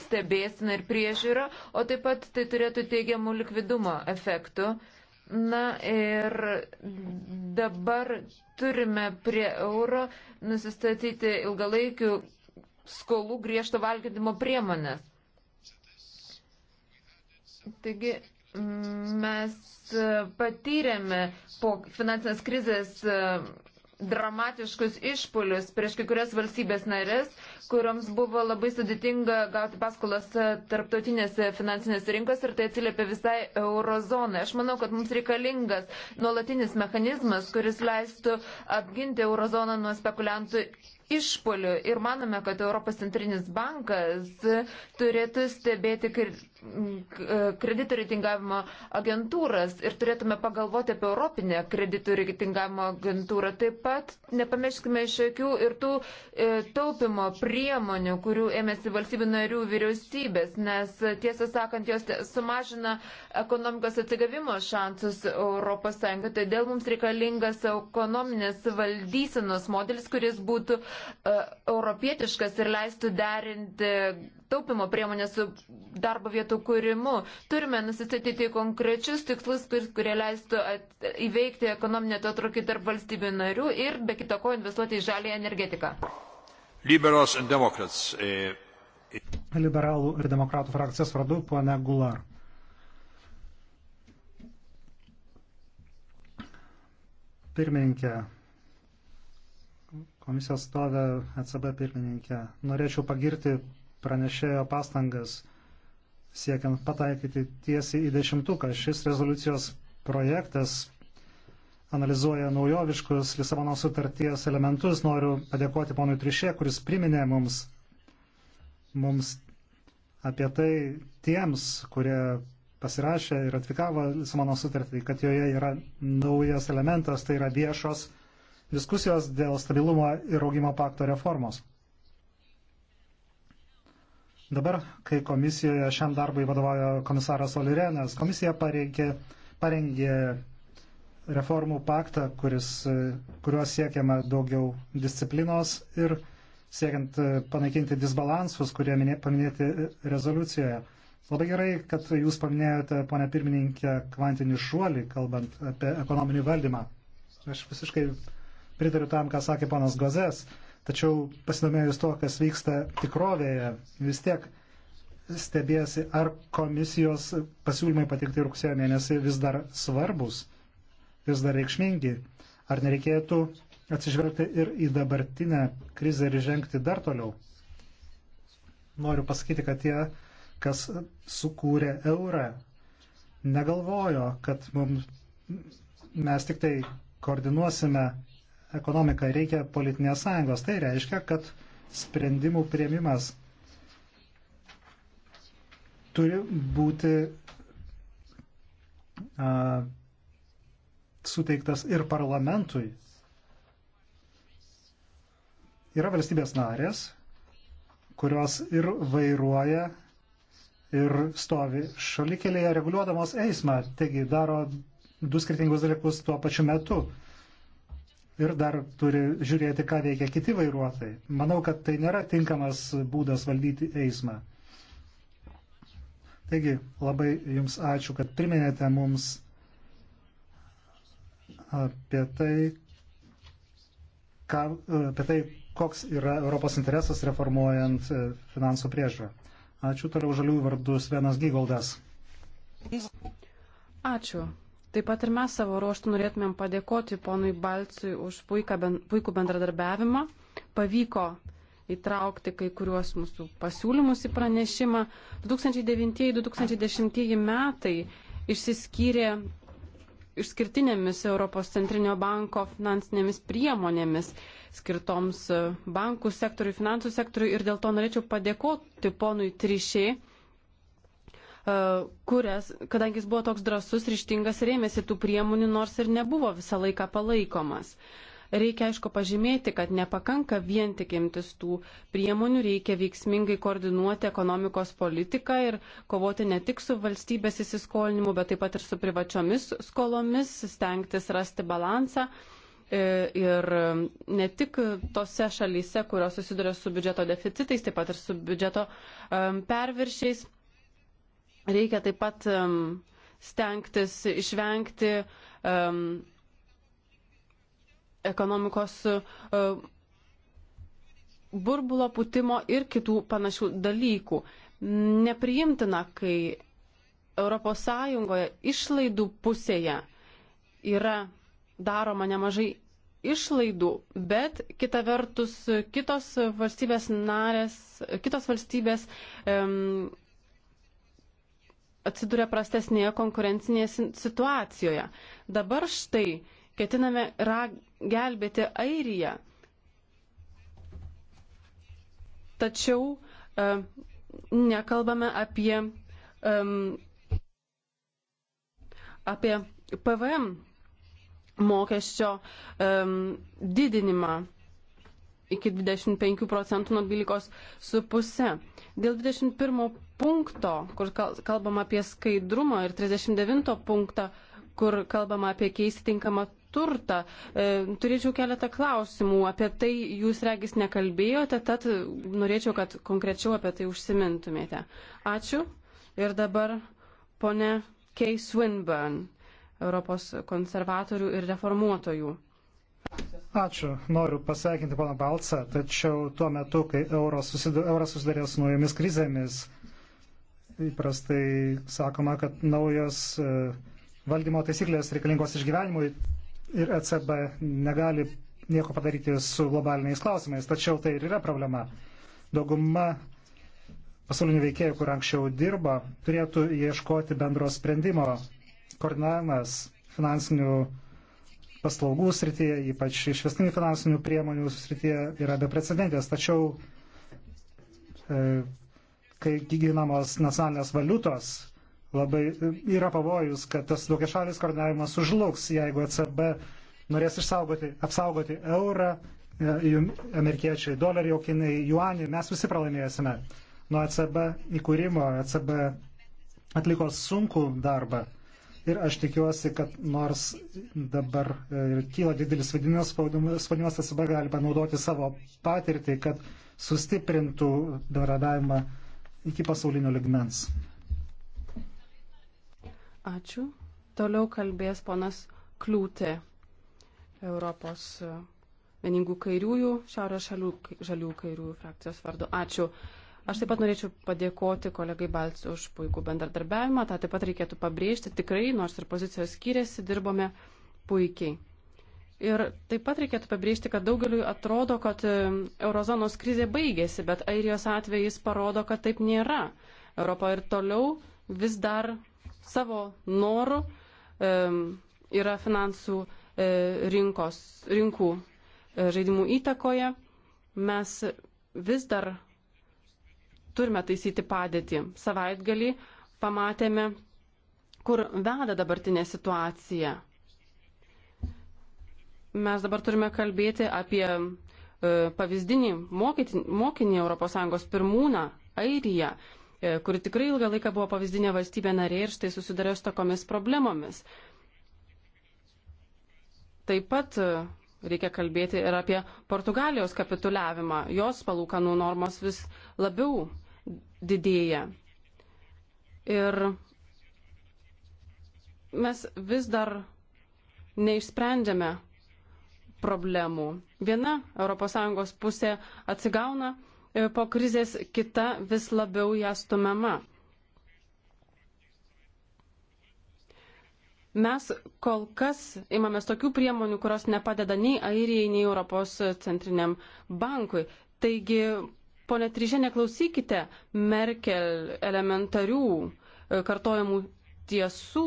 stebėsiną ir priežiūrą, o taip pat tai turėtų teigiamų likvidumo efektų. Na ir dabar turime prie euro nusistatyti ilgalaikių skolų griežto valgydymo priemonės. Taigi Mes e, patyrėme po finansinės krizės e, dramatiškus išpolius prieš kai kurias valstybės narės, kuriams buvo labai sudėtinga gauti paskolas e, tarptautinėse finansinėse rinkose ir tai atsiliepia visai eurozonai. Aš manau, kad mums reikalingas nuolatinis mechanizmas, kuris leistų apginti eurozoną nuo spekuliantų išpolių ir manome, kad Europos centrinis bankas turėtų stebėti kreditų reitingavimo agentūras ir turėtume pagalvoti apie Europinę kreditų reitingavimo agentūrą. Taip pat nepamirškime iš akių ir tų e, taupimo priemonių, kurių ėmėsi valstybių narių vyriausybės, nes e, tiesą sakant, jos sumažina ekonomikos atsigavimo šansus ES. Todėl mums reikalingas ekonominės valdysenos modelis, kuris būtų E, europietiškas ir leistų derinti taupimo priemonės su darbo vietų kūrimu. Turime nusistatyti konkrečius tikslus, kurie leistų at, įveikti ekonominę atotrukį tarp valstybių narių ir be kita ko investuoti į žalį energetiką. Liberals and Democrats. E, e- Liberalų ir demokratų frakcijos vardu, pana Gular. Pirmininkė, komisijos stovę ECB pirmininkę. Norėčiau pagirti pranešėjo pastangas siekiant pataikyti tiesiai į dešimtuką. Šis rezoliucijos projektas analizuoja naujoviškus Lisabono sutarties elementus. Noriu padėkoti ponui Trišė, kuris priminė mums, mums apie tai tiems, kurie pasirašė ir atvikavo Lisabono sutartį, kad joje yra naujas elementas, tai yra viešos diskusijos dėl stabilumo ir augimo pakto reformos. Dabar, kai komisijoje šiam darbui vadovauja komisaras Olirenas, komisija pareikė, parengė reformų paktą, kuris, kuriuo siekiama daugiau disciplinos ir siekiant panaikinti disbalansus, kurie minė, paminėti rezoliucijoje. Labai gerai, kad jūs paminėjote, ponė pirmininkė, kvantinį šuolį, kalbant apie ekonominį valdymą. Aš visiškai Pritariu tam, ką sakė ponas Gozes, tačiau pasidomėjus to, kas vyksta tikrovėje, vis tiek stebėsi, ar komisijos pasiūlymai patikti rugsėjo mėnesį vis dar svarbus, vis dar reikšmingi, ar nereikėtų atsižvelgti ir į dabartinę krizę ir žengti dar toliau. Noriu pasakyti, kad tie, kas sukūrė eurą, negalvojo, kad mums, mes tik tai koordinuosime ekonomiką, reikia politinės sąjungos. Tai reiškia, kad sprendimų prieimimas turi būti a, suteiktas ir parlamentui. Yra valstybės narės, kurios ir vairuoja, ir stovi šalikelėje reguliuodamos eismą, taigi daro du skirtingus dalykus tuo pačiu metu ir dar turi žiūrėti, ką veikia kiti vairuotojai. Manau, kad tai nėra tinkamas būdas valdyti eismą. Taigi, labai Jums ačiū, kad priminėte mums apie tai, ką, apie tai koks yra Europos interesas reformuojant e, finansų priežiūrą. Ačiū toliau žaliųjų vardus Vienas Gygoldas. Ačiū. Taip pat ir mes savo ruoštų norėtumėm padėkoti ponui Balcui už puikų bendradarbiavimą. Pavyko įtraukti kai kuriuos mūsų pasiūlymus į pranešimą. 2009-2010 metai išsiskyrė išskirtinėmis Europos centrinio banko finansinėmis priemonėmis skirtoms bankų sektoriui, finansų sektoriui ir dėl to norėčiau padėkoti ponui Trišiai E, kurias, kadangi jis buvo toks drasus, ryštingas ir ėmėsi tų priemonių, nors ir nebuvo visą laiką palaikomas. Reikia aišku pažymėti, kad nepakanka vien tik imtis tų priemonių, reikia veiksmingai koordinuoti ekonomikos politiką ir kovoti ne tik su valstybės įsiskolinimu, bet taip pat ir su privačiomis skolomis, stengtis rasti balansą. E, ir ne tik tose šalyse, kurios susiduria su biudžeto deficitais, taip pat ir su biudžeto e, perviršiais Reikia taip pat um, stengtis išvengti um, ekonomikos um, burbulo putimo ir kitų panašių dalykų. Nepriimtina, kai ES išlaidų pusėje yra daroma nemažai išlaidų, bet kita vertus kitos valstybės narės, kitos valstybės um, atsiduria prastesnėje konkurencinėje situacijoje. Dabar štai ketiname rag, gelbėti Airiją. Tačiau e, nekalbame apie, e, apie PVM mokesčio e, didinimą iki 25 procentų nuo 12,5. Dėl 21 punkto, kur kalbama apie skaidrumą, ir 39 punktą, kur kalbama apie keisti tinkamą turtą, e, turėčiau keletą klausimų. Apie tai jūs regis nekalbėjote, tad norėčiau, kad konkrečiau apie tai užsimintumėte. Ačiū. Ir dabar ponė Kay Swinburne, Europos konservatorių ir reformuotojų Ačiū. Noriu pasveikinti pana Balcą, tačiau tuo metu, kai euras susidarė su naujomis krizėmis, įprastai sakoma, kad naujos e, valdymo taisyklės reikalingos išgyvenimui ir ECB negali nieko padaryti su globaliniais klausimais, tačiau tai ir yra problema. Dauguma pasaulinių veikėjų, kur anksčiau dirba, turėtų ieškoti bendro sprendimo. Koordinavimas finansinių paslaugų srityje, ypač išvestinių finansinių priemonių srityje yra beprecedentės. Tačiau, e, kai ginamos nacionalinės valiutos, labai e, yra pavojus, kad tas daugiašalis koordinavimas sužlugs, jeigu ECB norės išsaugoti, apsaugoti eurą, e, amerikiečiai dolerį, kinai juanį, mes visi pralaimėsime. Nuo ECB įkūrimo ECB atliko sunkų darbą Ir aš tikiuosi, kad nors dabar ir e, kyla didelis vidinis spaudimas, ECB gali panaudoti savo patirtį, kad sustiprintų bendradavimą iki pasaulinio ligmens. Ačiū. Toliau kalbės ponas Kliūtė, Europos e, vieningų kairiųjų, Šiaurės šalių, žalių kairiųjų frakcijos vardu. Ačiū. Aš taip pat norėčiau padėkoti kolegai Balts už puikų bendradarbiavimą, tą taip pat reikėtų pabrėžti, tikrai, nors ir pozicijos skiriasi, dirbome puikiai. Ir taip pat reikėtų pabrėžti, kad daugeliu atrodo, kad eurozonos krizė baigėsi, bet airijos atvejais parodo, kad taip nėra. Europa ir toliau vis dar savo norų e, yra finansų e, rinkos, rinkų e, žaidimų įtakoje. Mes vis dar turime taisyti padėtį. Savaitgalį pamatėme, kur veda dabartinė situacija. Mes dabar turime kalbėti apie e, pavyzdinį mokytį, mokinį ES pirmūną, Airiją, e, kuri tikrai ilgą laiką buvo pavyzdinė valstybė narė ir štai susidarė su tokomis problemomis. Taip pat e, reikia kalbėti ir apie Portugalijos kapituliavimą. Jos palūkanų normos vis labiau didėja. Ir mes vis dar neišsprendžiame problemų. Viena ES pusė atsigauna e, po krizės, kita vis labiau ją stumiama. Mes kol kas imamės tokių priemonių, kurios nepadeda nei Airijai, nei Europos centriniam bankui. Taigi Pone Tryžė, neklausykite Merkel elementarių e, kartojamų tiesų,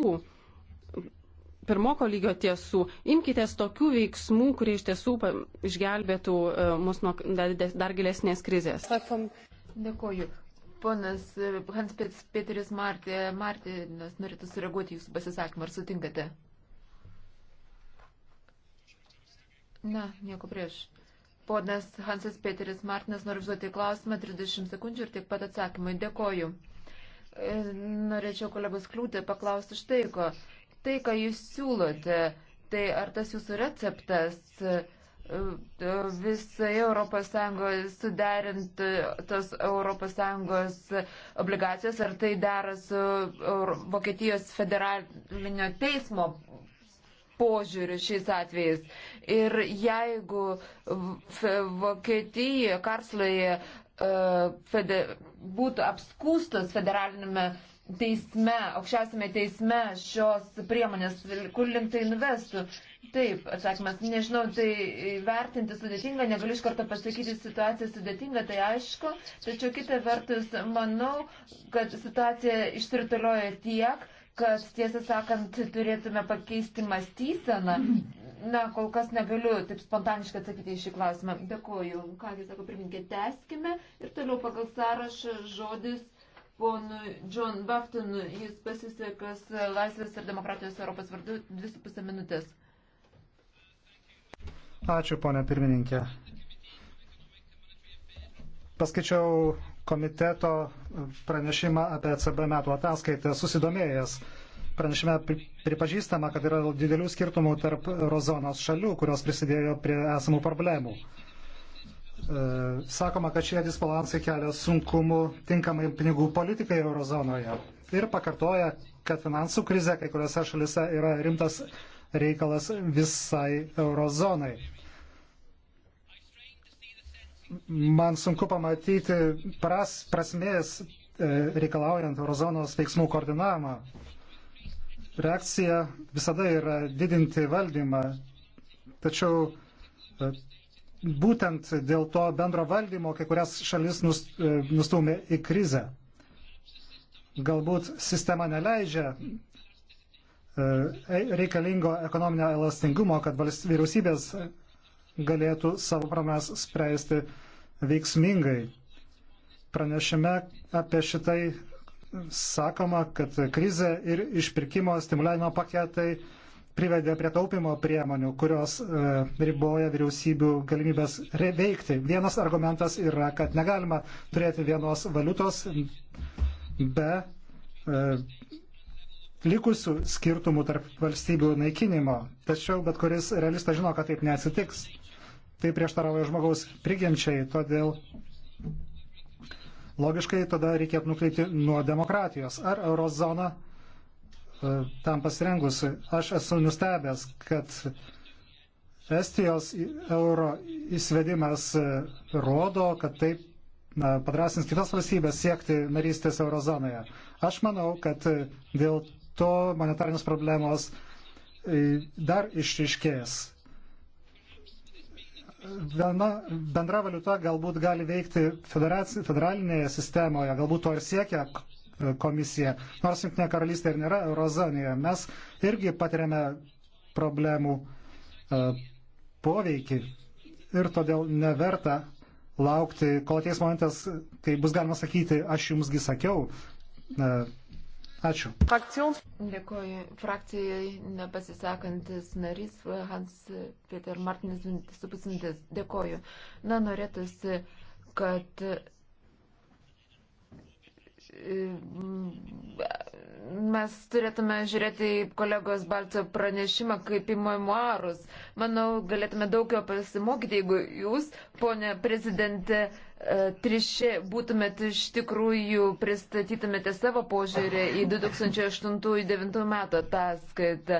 pirmoko lygio tiesų. Imkite tokių veiksmų, kurie iš tiesų išgelbėtų e, mus nuo dar gilesnės krizės. Dėkoju. Ponas e, Hans Peteris Martė, Martinas norėtų sureaguoti jūsų pasisakymą. Ar sutinkate? Na, nieko prieš. Ponas Hansas Peteris Martinas nori užduoti klausimą 30 sekundžių ir tiek pat atsakymai. Dėkoju. E, norėčiau kolegos Kliūtė paklausti štai ko. Tai, ką jūs siūlote, tai ar tas jūsų receptas e, e, visai ES suderintos ES obligacijos, ar tai dera su Vokietijos federalinio teismo požiūriu šiais atvejais. Ir jeigu Vokietijoje, Karsloje fede, būtų apskūstos federalinėme teisme, aukščiausiame teisme šios priemonės, kur link tai nuvestų. Taip, atsakymas, nežinau, tai vertinti sudėtinga, negaliu iš karto pasakyti, situacija sudėtinga, tai aišku, tačiau kitą vertus manau, kad situacija išsirtulioja tiek, kad tiesą sakant turėtume pakeisti mąstyseną. Na, kol kas negaliu taip spontaniškai atsakyti į šį klausimą. Dėkuoju. Ką jūs sako, priminkė, teskime ir toliau pagal sąrašą žodis ponui John Baftonui. Jis pasisekas Laisvės ir demokratijos Europos vardu 2,5 minutės. Ačiū, ponė pirmininkė. Paskaičiau komiteto pranešimą apie ECB metų ataskaitą susidomėjęs. Pranešime pripažįstama, kad yra didelių skirtumų tarp eurozonos šalių, kurios prisidėjo prie esamų problemų. E, sakoma, kad šie disbalansai kelia sunkumų tinkamai pinigų politikai eurozonoje ir pakartoja, kad finansų krize kai kuriuose šalise yra rimtas reikalas visai eurozonai man sunku pamatyti pras, prasmės e, reikalaujant eurozonos veiksmų koordinavimą. Reakcija visada yra didinti valdymą, tačiau e, būtent dėl to bendro valdymo kai kurias šalis e, nustumė į krizę. Galbūt sistema neleidžia reikalingo ekonominio elastingumo, kad vyriausybės galėtų savo problemas spręsti veiksmingai. Pranešime apie šitai sakoma, kad krize ir išpirkimo stimuliavimo paketai privedė prie taupimo priemonių, kurios e, riboja vyriausybių galimybės veikti. Vienas argumentas yra, kad negalima turėti vienos valiutos be e, likusių skirtumų tarp valstybių naikinimo. Tačiau bet kuris realistas žino, kad taip neatsitiks tai prieštarauja žmogaus prigimčiai, todėl logiškai tada reikėtų nukreipti nuo demokratijos. Ar eurozona e, tam pasirengusi? Aš esu nustebęs, kad Estijos euro įsvedimas e, rodo, kad taip na, padrasins kitas valstybės siekti narystės eurozonoje. Aš manau, kad e, dėl to monetarinės problemos dar išriškės viena bendra valiuta galbūt gali veikti federalinėje sistemoje, galbūt to ir siekia komisija. Nors Junktinė karalystė ir nėra eurozonėje, mes irgi patiriame problemų e, poveikį ir todėl neverta laukti, kol ateis momentas, kai bus galima sakyti, aš jumsgi sakiau, e, Ačiū. Frakcijons. Dėkuoju. Frakcijai nepasisakantis narys Hans Peter Martinis Supusintis. Dėkuoju. Na, norėtųsi, kad e, mes turėtume žiūrėti į kolegos Balco pranešimą kaip į memoarus. Manau, galėtume daug jo pasimokyti, jeigu jūs, ponė prezidentė, Trišė, būtumėt iš tikrųjų pristatytumėte savo požiūrį į 2008-2009 metų ataskaitą.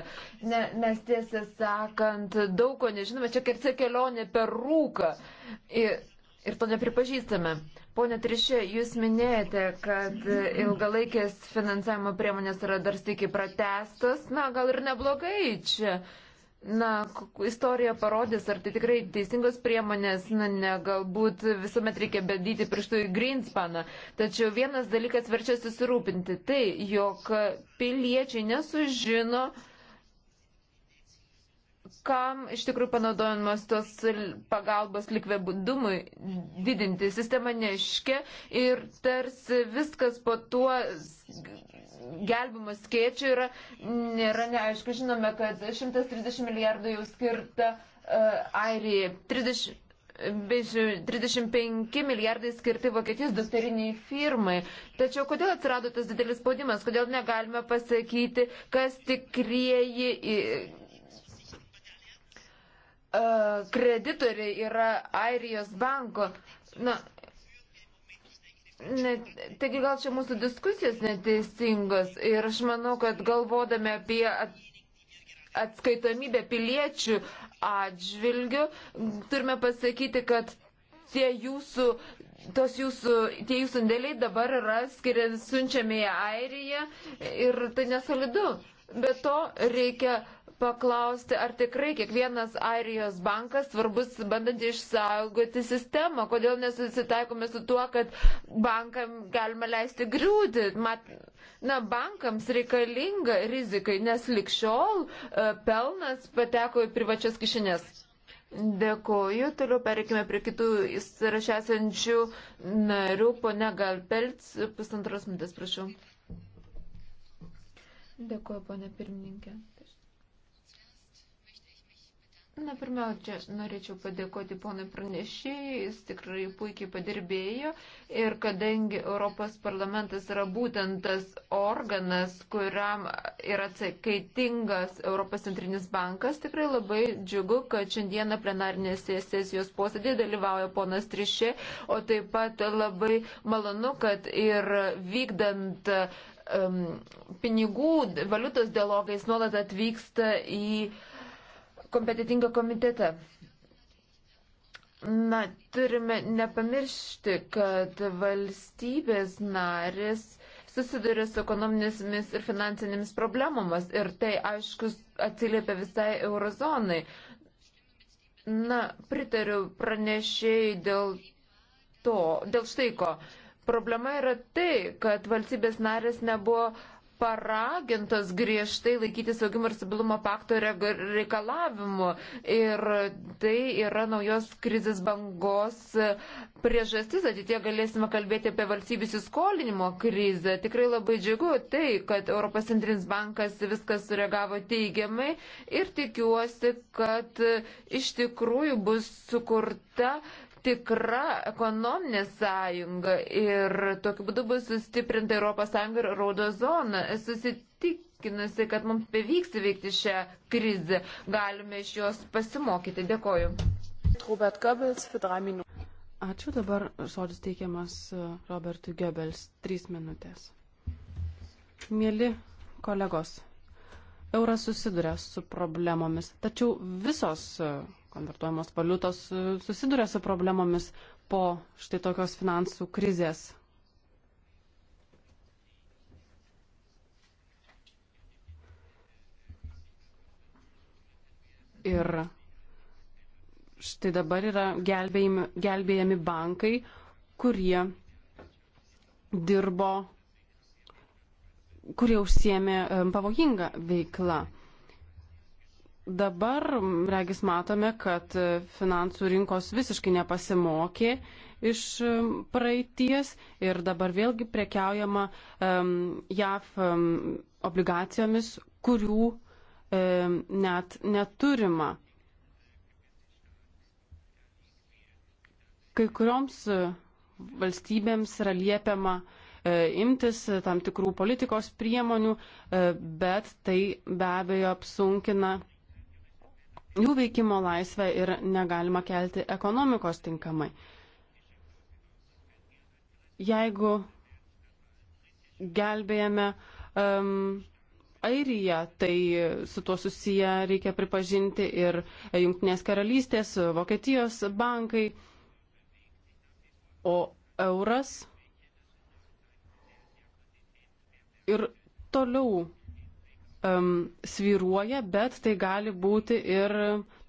Ne, mes tiesą sakant, daug ko nežinome, čia kerce kelionė per rūką ir, ir to nepripažįstame. Pone Trišė, jūs minėjote, kad ilgalaikės finansavimo priemonės yra dar stikiai pratestas, na gal ir neblogai čia. Uh, Na, istorija parodys, ar tai tikrai teisingos priemonės, na, ne, galbūt visuomet reikia bedyti pirštų į Greenspaną. Tačiau vienas dalykas verčia susirūpinti tai, jog piliečiai nesužino, kam iš tikrųjų panaudojamas tos pagalbos likvedumui didinti. Sistema neiškia ir tarsi viskas po tuo gelbimo skėčių yra, nėra neaišku. Žinome, kad 130 milijardų jau skirta uh, Airijai, 30, 35 milijardai skirti Vokietijos dusteriniai firmai. Tačiau kodėl atsirado tas didelis spaudimas, kodėl negalime pasakyti, kas tikrieji e, kreditoriai yra Airijos banko. Na, Net, taigi gal čia mūsų diskusijos neteisingos ir aš manau, kad galvodami apie atskaitomybę piliečių atžvilgių, turime pasakyti, kad tie jūsų, tos jūsų, tie jūsų indėliai dabar yra skiriami siunčiami į Airiją ir tai nesolidu. Be to reikia paklausti, ar tikrai kiekvienas Airijos bankas svarbus, bandant išsaugoti sistemą. Kodėl nesusitaikome su tuo, kad bankam galima leisti griūti. Mat, na, bankams reikalinga rizikai, nes likščiol e, pelnas pateko į privačias kišinės. Dėkoju. Toliau pereikime prie kitų įsirašęsančių narių. Pone Galpelts, pusantros minutės, prašau. Dėkoju, ponė pirmininkė. Na, pirmiausia, norėčiau padėkoti ponui pranešėjai, jis tikrai puikiai padirbėjo ir kadangi Europos parlamentas yra būtent tas organas, kuriam yra atsakaitingas Europos centrinis bankas, tikrai labai džiugu, kad šiandieną plenarnėse sesijos posėdėje dalyvauja ponas Trišė, o taip pat labai malonu, kad ir vykdant um, pinigų valiutos dialogais nuolat atvyksta į uh, kompetitinga komitete. Na, turime nepamiršti, kad valstybės narės susiduria su ekonominėmis ir finansinėmis problemomis ir tai, aišku, atsiliepia visai eurozonai. Na, pritariu pranešėjai dėl to, dėl štai ko. Problema yra tai, kad valstybės narės nebuvo paragintos griežtai laikytis augimo ir stabilumo pakto reikalavimu. Ir tai yra naujos krizės bangos priežastis. Ateitie galėsime kalbėti apie valstybės įskolinimo krizę. Tikrai labai džiugu tai, kad Europos centrinis bankas viskas sureagavo teigiamai ir tikiuosi, kad iš tikrųjų bus sukurta tikra ekonominė sąjunga ir tokiu būdu bus sustiprinta ES ir Raudo zona. Susitikinusi, kad mums pavyks įveikti šią krizę, galime iš jos pasimokyti. Dėkoju. Robert Goebbels, Ačiū, dabar žodis teikiamas e, Robertui Goebbels, trys minutės. Mėly kolegos, euras susiduria su problemomis, tačiau visos e, konvertuojamos valiutos e, susiduria su problemomis po štai tokios finansų krizės. Ir štai dabar yra gelbėjami, gelbėjami bankai, kurie dirbo, kurie užsiemė e, pavojingą veiklą. Dabar, regis, matome, kad e, finansų rinkos visiškai nepasimokė iš e, praeities ir dabar vėlgi prekiaujama um, JAF um, obligacijomis, kurių um, net neturima. Kai kurioms valstybėms yra liepiama imtis tam tikrų politikos priemonių, bet tai be abejo apsunkina jų veikimo laisvę ir negalima kelti ekonomikos tinkamai. Jeigu gelbėjame um, Airiją, tai su tuo susiję reikia pripažinti ir Junktinės karalystės, Vokietijos bankai, o euras ir toliau um, sviruoja, bet tai gali būti ir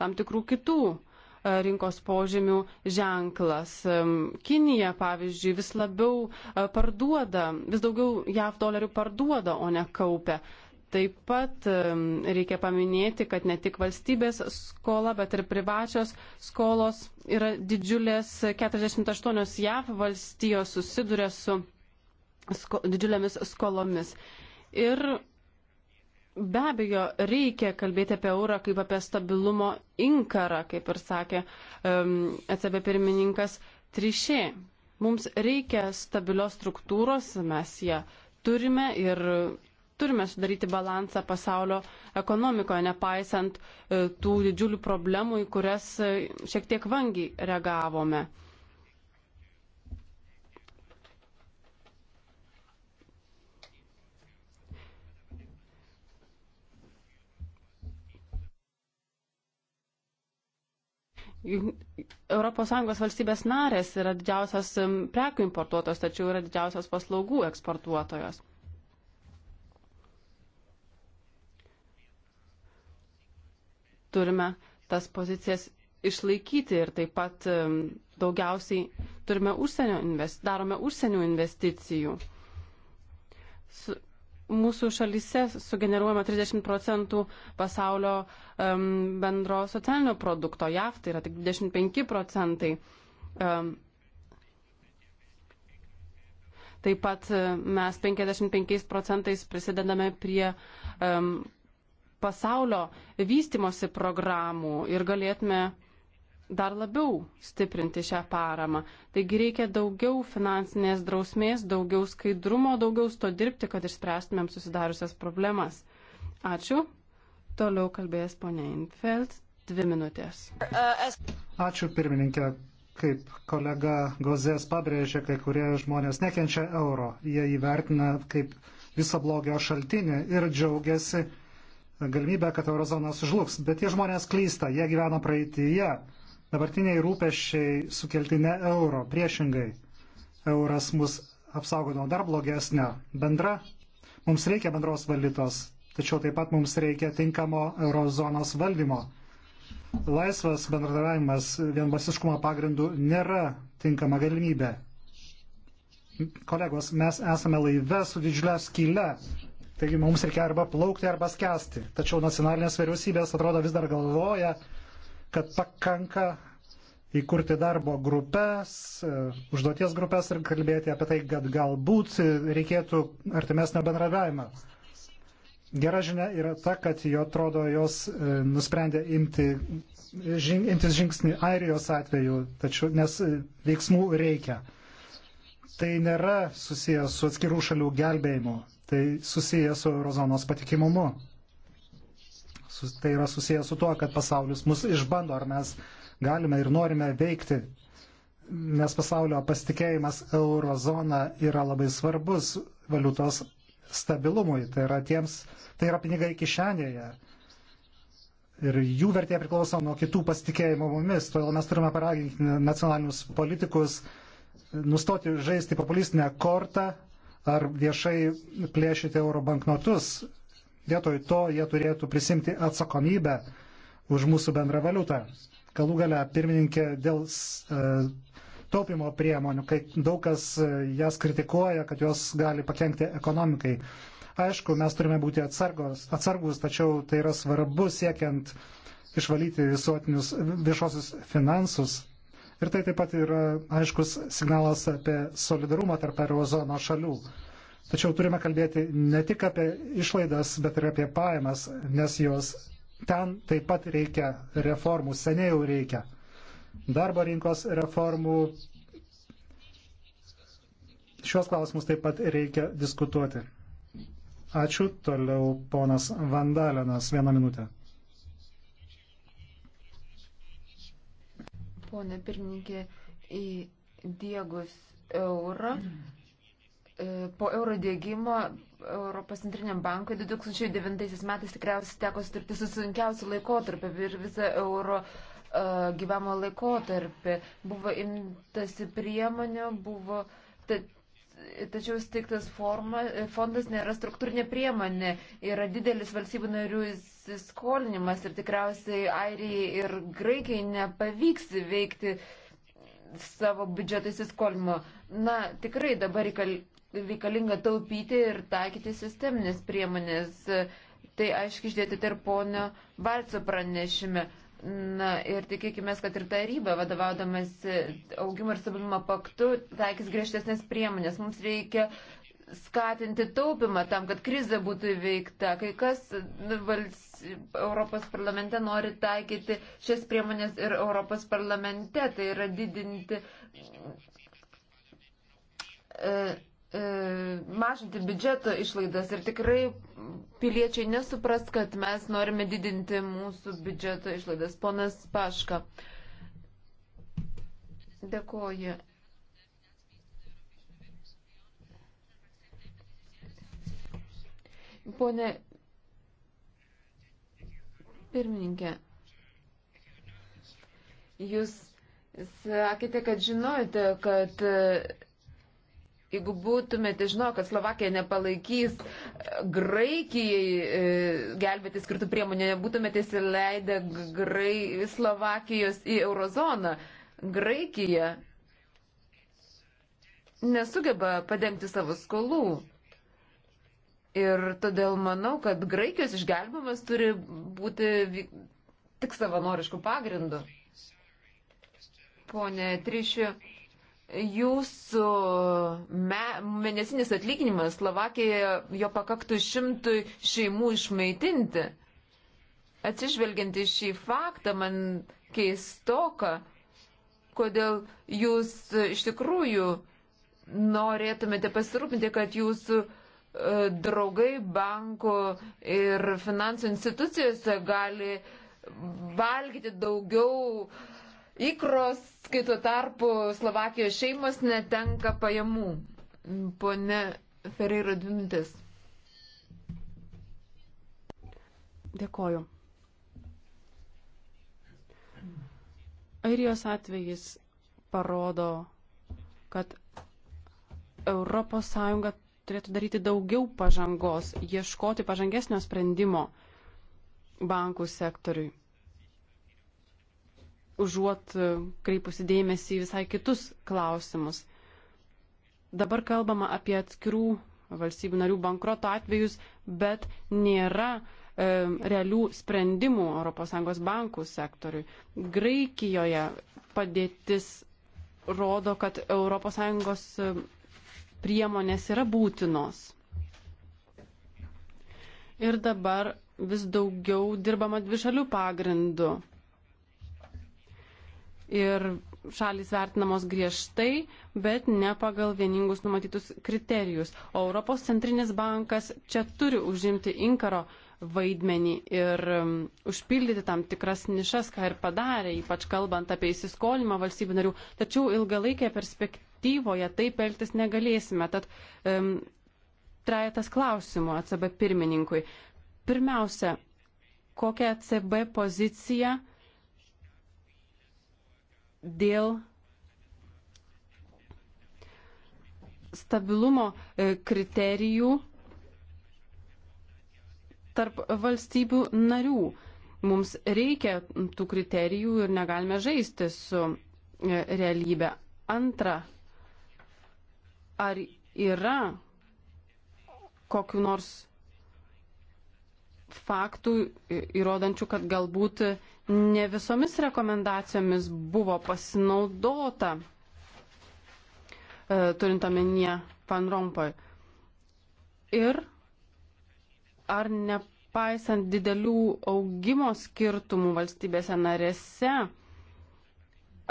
tam tikrų kitų e, rinkos požymių ženklas. Kinija, pavyzdžiui, vis labiau e, parduoda, vis daugiau JAV dolerių parduoda, o ne kaupia. Taip pat reikia paminėti, kad ne tik valstybės skola, bet ir privačios skolos yra didžiulės. 48 JAV valstijos susiduria su sko, didžiulėmis skolomis. Ir Be abejo, reikia kalbėti apie eurą kaip apie stabilumo inkarą, kaip ir sakė um, ECB pirmininkas Trišė. Mums reikia stabilios struktūros, mes ją turime ir turime sudaryti balansą pasaulio ekonomikoje, nepaisant e, tų didžiulių problemų, į kurias e, šiek tiek vangiai reagavome. ES valstybės narės yra didžiausias prekių importuotojas, tačiau yra didžiausias paslaugų eksportuotojas. Turime tas pozicijas išlaikyti ir taip pat daugiausiai turime užsienio invest, darome užsienio investicijų. Su, mūsų šalyse sugeneruojama 30 procentų pasaulio um, bendro socialinio produkto, JAV tai yra tik 25 procentai. Um, taip pat e, mes 55 procentais prisidedame prie um, pasaulio vystimosi programų ir galėtume dar labiau stiprinti šią paramą. Taigi reikia daugiau finansinės drausmės, daugiau skaidrumo, daugiau to dirbti, kad išspręstumėm susidariusias problemas. Ačiū. Toliau kalbės ponia Infeld. Dvi minutės. Ačiū pirmininkė. Kaip kolega Gozės pabrėžė, kai kurie žmonės nekenčia euro. Jie įvertina kaip viso blogio šaltinį ir džiaugiasi galimybę, kad eurozonas žlugs. Bet tie žmonės klysta, jie gyvena praeitįje. Ja Dabartiniai rūpeščiai sukelti ne euro, priešingai. Euras mus apsaugo nuo dar blogesnio. Bendra, mums reikia bendros valytos, tačiau taip pat mums reikia tinkamo eurozonos valdymo. Laisvas bendradarbiavimas vienbasiškumo pagrindų nėra tinkama galimybė. Kolegos, mes esame laive su didžiulė skyle, Taigi mums reikia arba plaukti, arba skęsti. Tačiau nacionalinės vyriausybės atrodo vis dar galvoja, kad pakanka įkurti darbo grupės, e, užduoties grupės ir kalbėti apie tai, kad galbūt reikėtų artimesnio bendravimo. Gera žinia yra ta, kad jo atrodo jos e, nusprendė imti, žin, imtis žingsnį Airijos atveju, tačiau, nes e, veiksmų reikia. Tai nėra susijęs su atskirų šalių gelbėjimu, tai susijęs su eurozonos patikimumu. Tai yra susijęs su tuo, kad pasaulis mus išbando, ar mes galime ir norime veikti. Nes pasaulio pasitikėjimas eurozona yra labai svarbus valiutos stabilumui. Tai yra, tiems, tai yra pinigai kišenėje. Ir jų vertė priklauso nuo kitų pasitikėjimo mumis. Todėl mes turime paraginti nacionalinius politikus nustoti žaisti populistinę kortą ar viešai plėšyti euro banknotus Vietoj to jie turėtų prisimti atsakomybę už mūsų bendrą valiutą. Galų gale, pirmininkė, dėl uh, taupimo priemonių, kai daug kas e, jas kritikuoja, kad jos gali pakengti ekonomikai. Aišku, mes turime būti atsargos, atsargus, tačiau tai yra svarbu siekiant išvalyti visuotinius viešosius finansus. Ir tai taip pat yra aiškus signalas apie solidarumą tarp eurozono šalių. Tačiau turime kalbėti ne tik apie išlaidas, bet ir apie pajamas, nes jos ten taip pat reikia reformų, seniai jau reikia. Darbo rinkos reformų. Šios klausimus taip pat reikia diskutuoti. Ačiū. Toliau ponas Vandalinas. Vieną minutę. Pone pirmininkė, įdėgus eurą. Mm E, po euro dėgymo Europos centriniam bankui 2009 metais tikriausiai teko sutarti su sunkiausiu laikotarpiu ir visą euro uh, gyvamo laikotarpį. Buvo imtasi priemonių, buvo. Ta, tačiau stiktas forma, fondas nėra struktūrinė priemonė, yra didelis valstybių narių įsiskolinimas ir tikriausiai Airijai ir Graikijai nepavyks veikti savo biudžeto įsiskolimo. Na, tikrai dabar reikalinga reikalinga taupyti ir taikyti sisteminės priemonės. Tai aiškiai išdėtyti ir ponio Balco pranešime. Na ir tikėkime, kad ir taryba, vadovaudamas augimo ir stabilumo paktu, taikys griežtesnės priemonės. Mums reikia skatinti taupimą tam, kad krizė būtų įveikta. Kai kas vals, Europos parlamente nori taikyti šias priemonės ir Europos parlamente, tai yra didinti. E, E, mažinti biudžeto išlaidas ir tikrai piliečiai nesupras, kad mes norime didinti mūsų biudžeto išlaidas. Ponas Paška. Dėkoju. Pone pirmininkė, jūs sakėte, kad žinote, kad Jeigu būtumėte žinojo, kad Slovakija nepalaikys Graikijai e, gelbėti skirtų priemonių, nebūtumėte įsileidę Grai... Slovakijos į eurozoną. Graikija nesugeba padengti savo skolų. Ir todėl manau, kad Graikijos išgelbimas turi būti tik savanoriškų pagrindų. Pone Trišiu jūsų me, mėnesinis atlyginimas Slovakijoje jo pakaktų šimtui šeimų išmaitinti. Atsižvelgiant į šį faktą, man keistoka, kodėl jūs iš tikrųjų norėtumėte pasirūpinti, kad jūsų e, draugai bankų ir finansų institucijose gali valgyti daugiau uh, ikros, kai tuo tarpu Slovakijos šeimos netenka pajamų. Pone Ferreira Dvimtis. Dėkoju. Airijos atvejis parodo, kad ES turėtų daryti daugiau pažangos, ieškoti pažangesnio sprendimo bankų sektoriui užuot e, kreipusi dėmesį į visai kitus klausimus. Dabar kalbama apie atskirų valstybių narių bankroto atvejus, bet nėra e, realių sprendimų ES bankų sektoriui. Graikijoje padėtis rodo, kad ES e, priemonės yra būtinos. Ir dabar vis daugiau dirbama dvišalių pagrindų ir šalys vertinamos griežtai, bet ne pagal vieningus numatytus kriterijus. O Europos centrinis bankas čia turi užimti inkaro vaidmenį ir um, užpildyti tam tikras nišas, ką ir padarė, ypač kalbant apie įsiskolimą valstybių narių. Tačiau ilgalaikėje perspektyvoje taip elgtis negalėsime. Tad um, trejetas klausimų ACB pirmininkui. Pirmiausia, kokia ACB pozicija uh, dėl stabilumo e, kriterijų tarp valstybių narių. Mums reikia tų kriterijų ir negalime žaisti su e, realybė. Antra, ar yra kokiu nors faktų e, įrodančių, kad galbūt ne visomis rekomendacijomis buvo pasinaudota, e, turint omenyje Van Rompoj. Ir ar nepaisant didelių augimo skirtumų valstybėse narėse,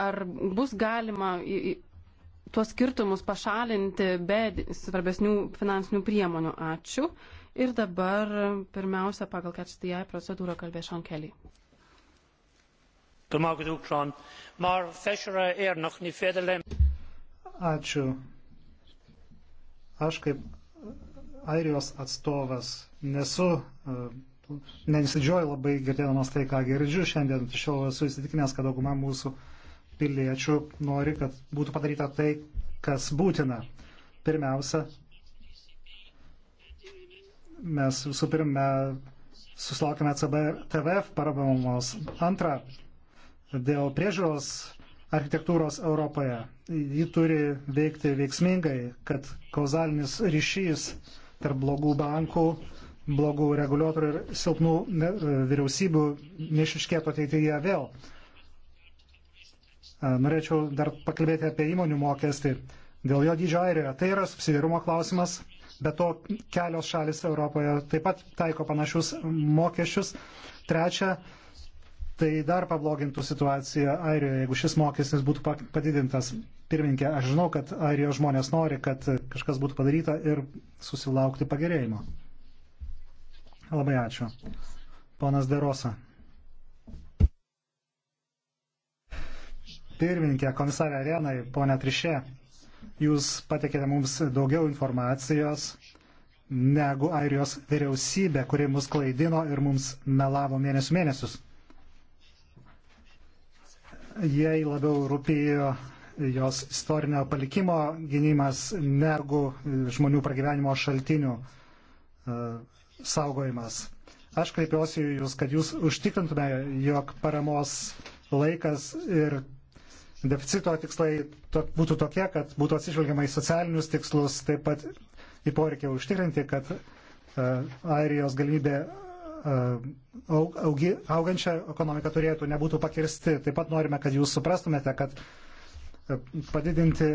ar bus galima į, į tuos skirtumus pašalinti be svarbesnių finansinių priemonių? Ačiū. Ir dabar pirmiausia pagal KCTI procedūrą kalbė Šonkelį. E Ačiū. Aš kaip uh, Airijos atstovas nesu, uh, nesidžioju labai girdėdamas tai, ką girdžiu šiandien, tačiau esu įsitikinęs, kad dauguma mūsų piliečių nori, kad būtų padaryta tai, kas būtina. Pirmiausia, mes visų pirma susilaukime CB, TVF paramos. Antra, dėl priežiūros architektūros Europoje. Ji turi veikti veiksmingai, kad kauzalinis ryšys tarp blogų bankų, blogų reguliuotojų ir silpnų e, vyriausybių nešiškėtų ateityje vėl. E, norėčiau dar pakalbėti apie įmonių mokestį. Dėl jo dydžio Airijoje tai yra subsidiarumo klausimas, bet to kelios šalis Europoje taip pat taiko panašius mokesčius. Trečia, Tai dar pablogintų situaciją Airijoje, jeigu šis mokestis būtų padidintas. Pirminkė, aš žinau, kad Airijos žmonės nori, kad kažkas būtų padaryta ir susilaukti pagerėjimo. Labai ačiū. Ponas Derosa. Pirmininkė, komisarė Arenai, ponia Trišė, jūs patekėte mums daugiau informacijos negu Airijos vyriausybė, kuri mus klaidino ir mums melavo mėnesių mėnesius jai labiau rūpėjo jos istorinio palikimo gynimas negu žmonių pragyvenimo šaltinių e, saugojimas. Aš kreipiuosi jūs, kad jūs užtikrintume, jog paramos laikas ir deficito tikslai to, būtų tokie, kad būtų atsižvelgiama į socialinius tikslus, taip pat į poreikį užtikrinti, kad uh, Airijos galimybė E, augi, augančią ekonomiką turėtų, nebūtų pakirsti. Taip pat norime, kad jūs suprastumėte, kad e, padidinti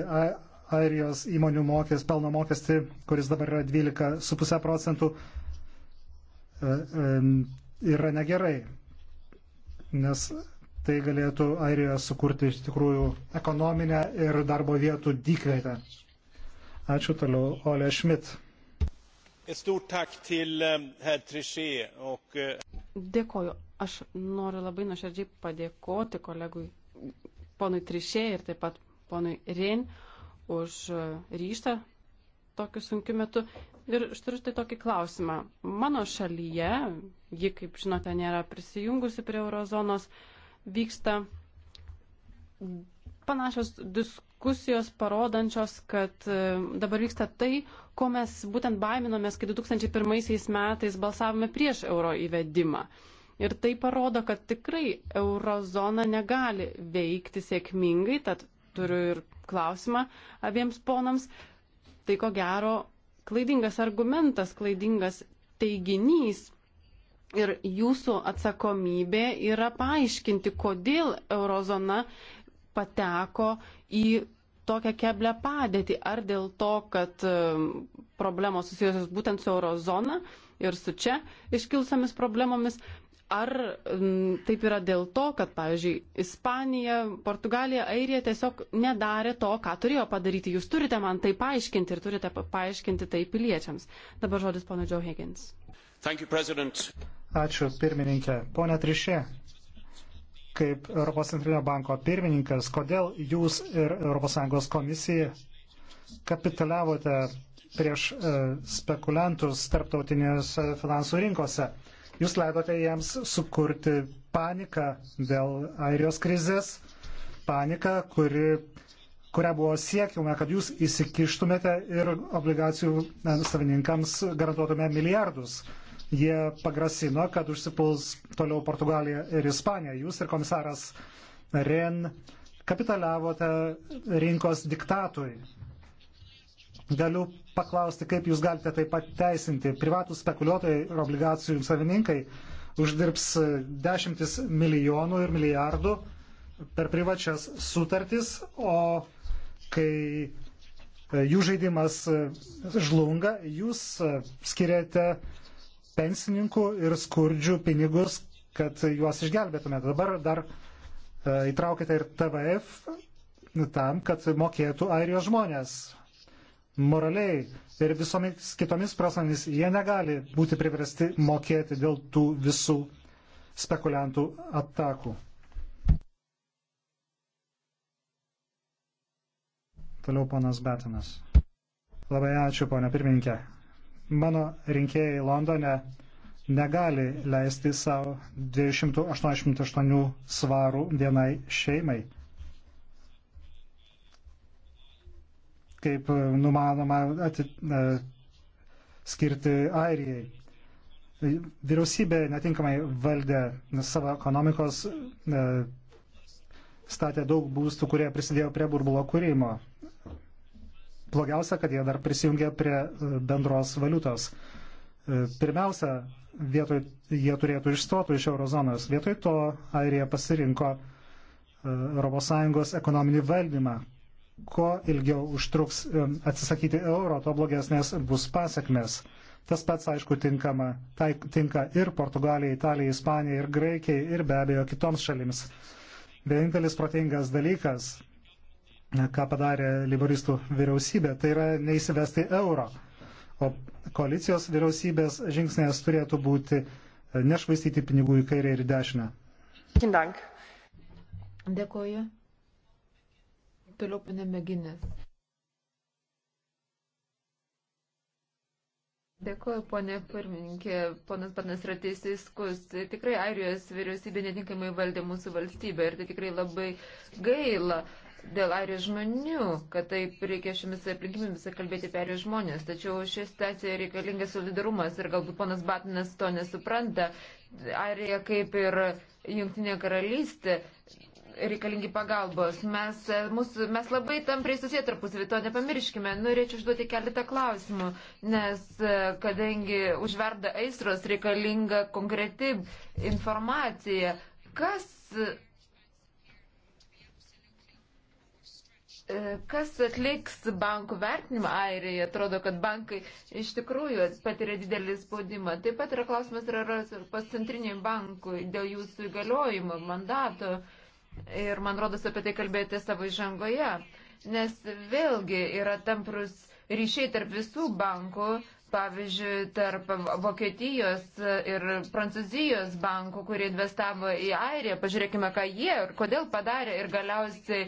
airijos įmonių mokestį, pelno mokestį, kuris dabar yra 12,5 procentų, e, yra negerai, nes tai galėtų airijoje sukurti iš tikrųjų ekonominę ir darbo vietų dykvietę. Ačiū toliau, Ole Šmit. Eh, eh, Dėkoju. Aš noriu labai nuoširdžiai padėkoti kolegui ponui Trišė ir taip pat ponui Rin už eh, ryštą tokiu sunkiu metu. Ir aš turiu tai tokį klausimą. Mano šalyje, ji, kaip žinote, nėra prisijungusi prie eurozonos, vyksta panašios diskusijos parodančios, kad e, dabar vyksta tai, ko mes būtent baiminomės, kai 2001 metais balsavome prieš euro įvedimą. Ir tai parodo, kad tikrai eurozona negali veikti sėkmingai, tad turiu ir klausimą abiems ponams. Tai ko gero klaidingas argumentas, klaidingas teiginys. Ir jūsų atsakomybė yra paaiškinti, kodėl eurozona pateko į tokią keblę padėtį, ar dėl to, kad um, problemos susijusios būtent su eurozona ir su čia iškilusiamis problemomis, ar m, um, taip yra dėl to, kad, pavyzdžiui, Ispanija, Portugalija, Airija tiesiog nedarė to, ką turėjo padaryti. Jūs turite man tai paaiškinti ir turite paaiškinti tai piliečiams. Dabar žodis pono Joe Higgins. You, Ačiū, pirmininkė. Pone Trišė, kaip Europos centrinio banko pirmininkas, kodėl jūs ir ES komisija kapitaliavote prieš e, spekuliantus tarptautinės finansų rinkose. Jūs leidote jiems sukurti paniką dėl airijos krizės, paniką, kuri, kurią buvo siekiama, kad jūs įsikištumėte ir obligacijų e, savininkams garantuotume milijardus jie pagrasino, kad užsipuls toliau Portugaliją ir Ispaniją. Jūs ir komisaras Ren kapitaliavote rinkos diktatui. Galiu paklausti, kaip jūs galite tai pateisinti. Privatus spekuliuotojai ir obligacijų savininkai uždirbs dešimtis milijonų ir milijardų per privačias sutartis, o kai jų žaidimas žlunga, jūs skiriate pensininkų ir skurdžių pinigus, kad juos išgelbėtumėte. Dabar dar e, įtraukite ir TVF tam, kad mokėtų airijos žmonės. Moraliai ir visomis kitomis prasmėmis jie negali būti priversti mokėti dėl tų visų spekuliantų atakų. Toliau ponas Betinas. Labai ačiū, ponia pirmininkė. Mano rinkėjai Londone negali leisti savo 288 svarų vienai šeimai. Kaip numanoma atit, e, skirti Airijai. Vyriausybė netinkamai valdė savo ekonomikos, e, statė daug būstų, kurie prisidėjo prie burbulo kūrimo blogiausia, kad jie dar prisijungia prie e, bendros valiutos. E, pirmiausia, vietoj, jie turėtų išstotų iš eurozonos. Vietoj to Airija pasirinko ES ekonominį valdymą. Ko ilgiau užtruks e, atsisakyti euro, to blogesnės bus pasiekmes. Tas pats, aišku, tinkama, tai, tinka ir Portugalijai, Italijai, Ispanijai, ir Graikijai, ir be abejo kitoms šalims. Vienintelis protingas dalykas ką padarė liberistų vyriausybė, tai yra neįsivesti euro. O koalicijos vyriausybės žingsnės turėtų būti e, nešvaistyti pinigų į kairę ir į dešinę. Dėkuoju. Toliau panėme ginės. Dėkuoju, ponė pirmininkė. Ponas Panas yra teisiskus. Tikrai Airijos vyriausybė netinkamai valdė mūsų valstybę ir tai tikrai labai gaila dėl airijos žmonių, kad taip reikia šiomis aplinkybėmis kalbėti apie airijos žmonės. Tačiau šioje situacijoje reikalingas solidarumas ir galbūt ponas Batinas to nesupranta. Airija kaip ir Junktinė karalystė reikalingi pagalbos. Mes, mūsų, mes labai tampriai susiję tarpusavį, to nepamirškime. Norėčiau užduoti keletą klausimų, nes e, kadangi užverda aistros reikalinga konkreti informacija, kas E, kas atliks bankų vertinimą Airijoje? Atrodo, kad bankai iš tikrųjų patiria didelį spaudimą. Taip pat yra klausimas yra pas centriniai bankui dėl jūsų įgaliojimo, mandato. Ir man rodos apie tai kalbėjote savo įžangoje. Nes vėlgi yra tamprus ryšiai tarp visų bankų, pavyzdžiui, tarp Vokietijos ir Prancūzijos bankų, kurie investavo į Airiją. Pažiūrėkime, ką jie ir kodėl padarė ir galiausiai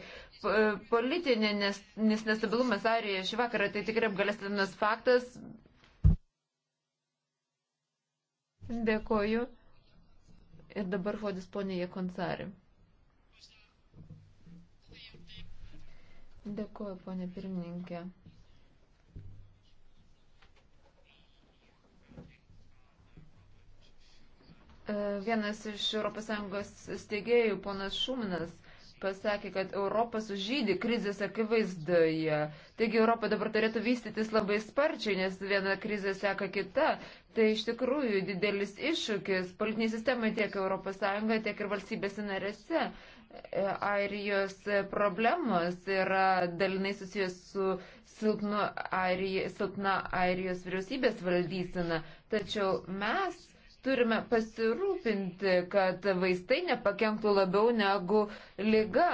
politinis nestabilumas Airijoje šį vakarą tai tikrai apgalestinas faktas. Dėkoju. Ir dabar žodis ponė Jekonsari. Dėkoju, ponė pirmininkė. E, vienas iš ES steigėjų, ponas Šuminas, pasakė, kad Europa sužydė krizės akivaizdoje. Taigi Europa dabar turėtų vystytis labai sparčiai, nes viena krizė seka kita. Tai iš tikrųjų didelis iššūkis politiniai sistemai tiek ES, tiek ir valstybėse narėse. E, Airijos problemos yra dalinai susijęs su silpnu Airija, silpna Airijos vyriausybės valdysena. Tačiau mes turime pasirūpinti, kad vaistai nepakenktų labiau negu lyga.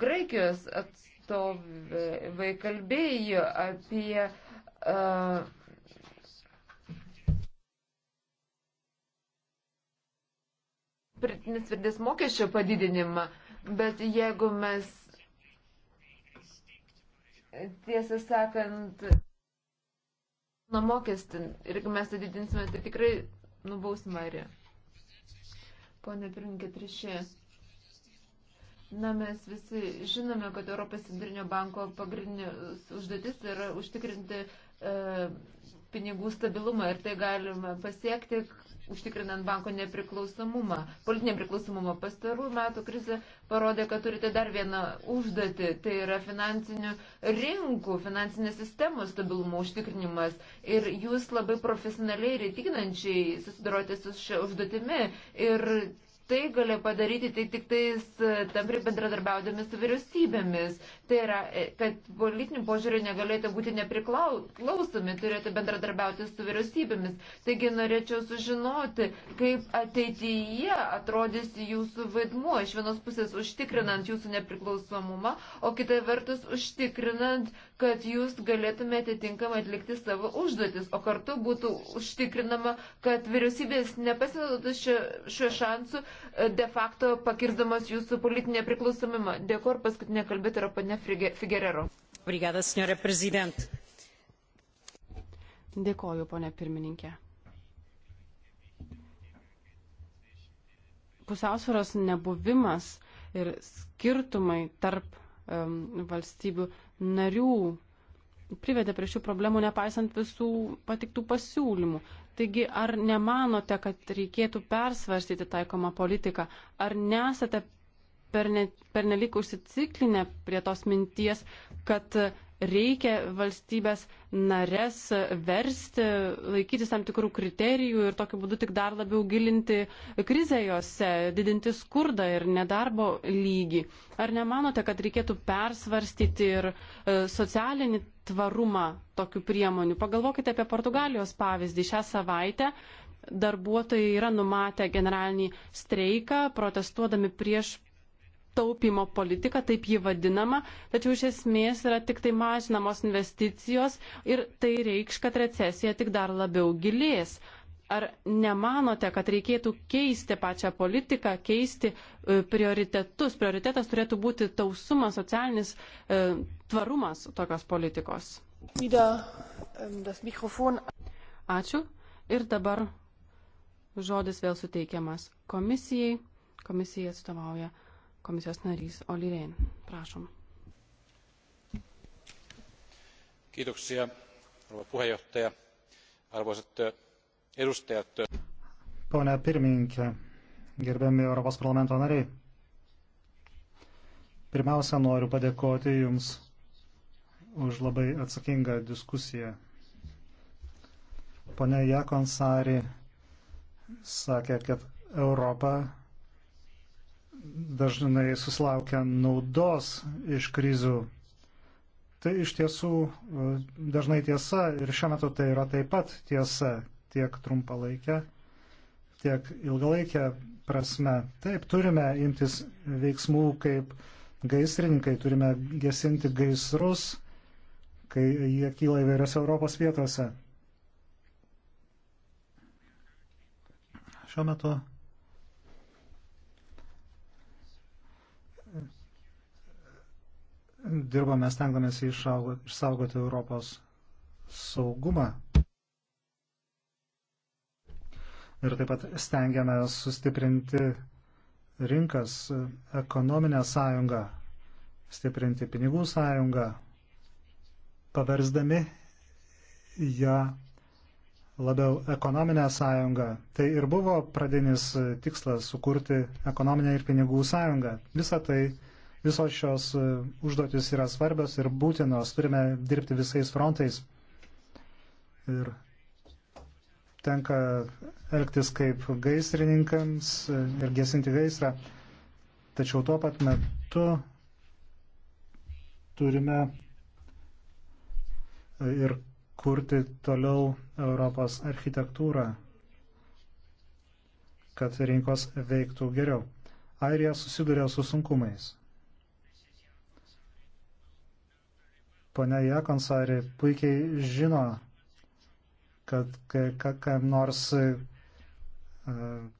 Graikijos atstovai kalbėjo apie uh, pritinės virdės mokesčio padidinimą, bet jeigu mes tiesą sakant, nuo mokestį ir jeigu mes tai didinsime, tai tikrai nubausmarį. Pone Pirinkė Trišė. Na, mes visi žinome, kad Europos Centrinio banko pagrindinės užduotis yra užtikrinti e, pinigų stabilumą ir tai galima pasiekti užtikrinant banko nepriklausomumą, politinę priklausomumą. Pastarų metų krizė parodė, kad turite dar vieną užduotį, tai yra finansinių rinkų, finansinės sistemos stabilumo užtikrinimas. Ir jūs labai profesionaliai ir įtikinančiai susidorote su šia užduotimi. Ir tai gali padaryti tai tik tais e, tampri bendradarbiaudami su vyriausybėmis. Tai yra, e, kad politinių požiūrį negalėtų būti nepriklausomi, turėtų bendradarbiauti su vyriausybėmis. Taigi norėčiau sužinoti, kaip ateityje atrodys jūsų vaidmuo, iš vienos pusės užtikrinant jūsų nepriklausomumą, o kitai vertus užtikrinant, kad jūs galėtumėte tinkamai atlikti savo užduotis, o kartu būtų užtikrinama, kad vyriausybės nepasinaudotų šio, šio šansu e, de facto pakirdamas jūsų politinę priklausomimą. Dėkuoju, paskutinė kalbėta yra panė Pone Figerero. Brigada, senjore prezident. Dėkoju, ponė pirmininkė. Pusiausvėros nebuvimas ir skirtumai tarp um, valstybių narių privedė prie šių problemų, nepaisant visų patiktų pasiūlymų. Taigi, ar nemanote, kad reikėtų persvarstyti taikomą politiką? Ar nesate pernelik per, ne, per užsiciklinę prie tos minties, kad reikia valstybės nares versti, laikytis tam tikrų kriterijų ir tokiu būdu tik dar labiau gilinti krizę jose, didinti skurdą ir nedarbo lygį. Ar nemanote, kad reikėtų persvarstyti ir e, socialinį tvarumą tokių priemonių? Pagalvokite apie Portugalijos pavyzdį. Šią savaitę darbuotojai yra numatę generalinį streiką, protestuodami prieš taupimo politika, taip jį vadinama, tačiau iš esmės yra tik tai mažinamos investicijos ir tai reikš, kad recesija tik dar labiau gilės. Ar nemanote, kad reikėtų keisti pačią politiką, keisti e, prioritetus? Prioritetas turėtų būti tausumas, socialinis e, tvarumas tokios politikos. Ačiū. Ir dabar žodis vėl suteikiamas komisijai. Komisija atstovauja komisijos narys Oli Rehn. Prašom. Kiitoksia, rouva puheenjohtaja. Arvoisat edustajat. Pone pirmininkė, gerbiami Europos parlamento nariai. Pirmiausia, noriu padėkoti Jums už labai atsakingą diskusiją. Pone Jakonsari sakė, kad Europa dažnai susilaukia naudos iš krizių. Tai iš tiesų e, dažnai tiesa ir šiuo metu tai yra taip pat tiesa tiek trumpalaikė, tiek ilgalaikė prasme. Taip, turime imtis veiksmų kaip gaisrininkai, turime gesinti gaisrus, kai jie kyla įvairiose Europos vietose. Šiuo metu dirbame, stengiamės išsaugoti Europos saugumą. Ir taip pat stengiamės sustiprinti rinkas, ekonominę sąjungą, stiprinti pinigų sąjungą, paversdami ją labiau ekonominę sąjungą. Tai ir buvo pradinis tikslas sukurti ekonominę ir pinigų sąjungą. Visą tai Visos šios e, užduotis yra svarbios ir būtinos, turime dirbti visais frontais. Ir tenka elgtis kaip gaisrininkams e, ir gesinti gaisrą. Tačiau tuo pat metu turime e, ir kurti toliau Europos architektūrą, kad rinkos veiktų geriau. Airija susiduria su sunkumais. Pone Jekonsari puikiai žino, kad kai kam nors e,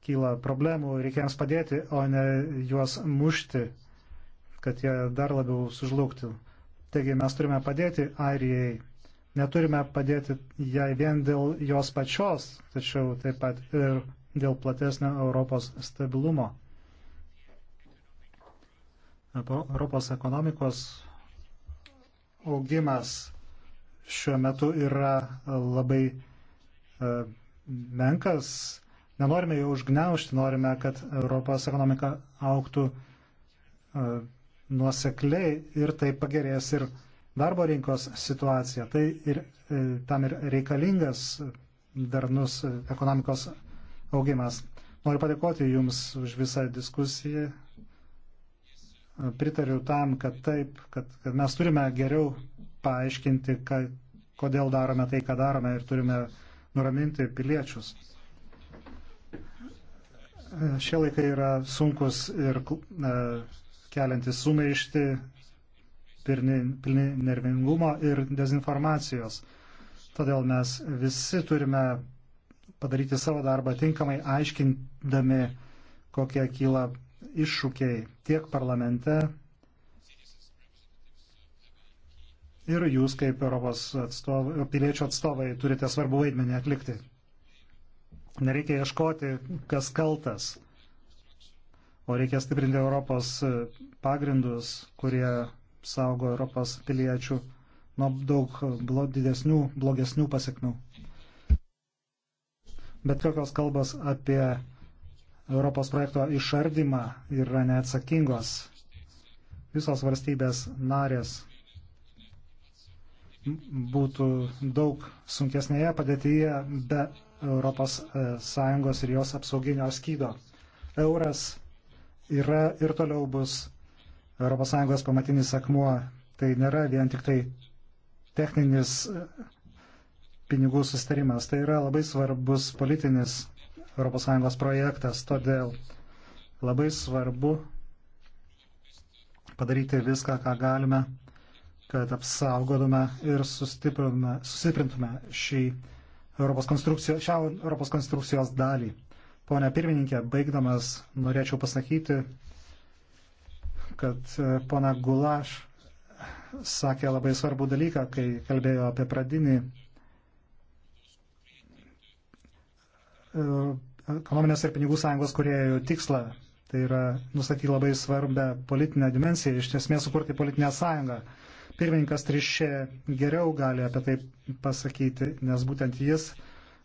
kyla problemų, reikia jiems padėti, o ne juos mušti, kad jie dar labiau sužlugtų. Taigi mes turime padėti Airijai. Neturime padėti jai vien dėl jos pačios, tačiau taip pat ir dėl platesnio Europos stabilumo. E, Europos ekonomikos augimas šiuo metu yra labai e, menkas. Nenorime jo užgneušti, norime, kad Europos ekonomika auktų e, nuosekliai ir tai pagerės ir darbo rinkos situacija. Tai ir e, tam ir reikalingas darnus ekonomikos augimas. Noriu padėkoti Jums už visą diskusiją pritariu tam, kad taip, kad, kad mes turime geriau paaiškinti, ka, kodėl darome tai, ką darome ir turime nuraminti piliečius. Šie laikai yra sunkus ir e, keliantis sumaišti, pilni, pilni nervingumo ir dezinformacijos. Todėl mes visi turime padaryti savo darbą tinkamai, aiškindami, kokie kyla iššūkiai tiek parlamente ir jūs kaip Europos atstovai, piliečių atstovai turite svarbu vaidmenį atlikti. Nereikia ieškoti, kas kaltas, o reikia stiprinti Europos pagrindus, kurie saugo Europos piliečių nuo daug blo, didesnių, blogesnių pasiekmių. Bet kokios kalbos apie Europos projekto išardymą yra neatsakingos. Visos valstybės narės būtų daug sunkesnėje padėtyje be ES e, ir jos apsauginio skydo. Euras yra ir toliau bus ES pamatinis akmuo. Tai nėra vien tik tai techninis e, pinigų sustarimas. Tai yra labai svarbus politinis ES projektas. Todėl labai svarbu padaryti viską, ką galime, kad apsaugotume ir sustiprintume šį Europos konstrukcijos, šią Europos konstrukcijos dalį. Pone pirmininkė, baigdamas norėčiau pasakyti, kad e, pana Gulaš sakė labai svarbų dalyką, kai kalbėjo apie pradinį e, ekonominės ir pinigų sąjungos kuriejų tikslą. Tai yra nustatyti labai svarbę politinę dimensiją, iš esmės sukurti politinę sąjungą. Pirmininkas Trišė geriau gali apie tai pasakyti, nes būtent jis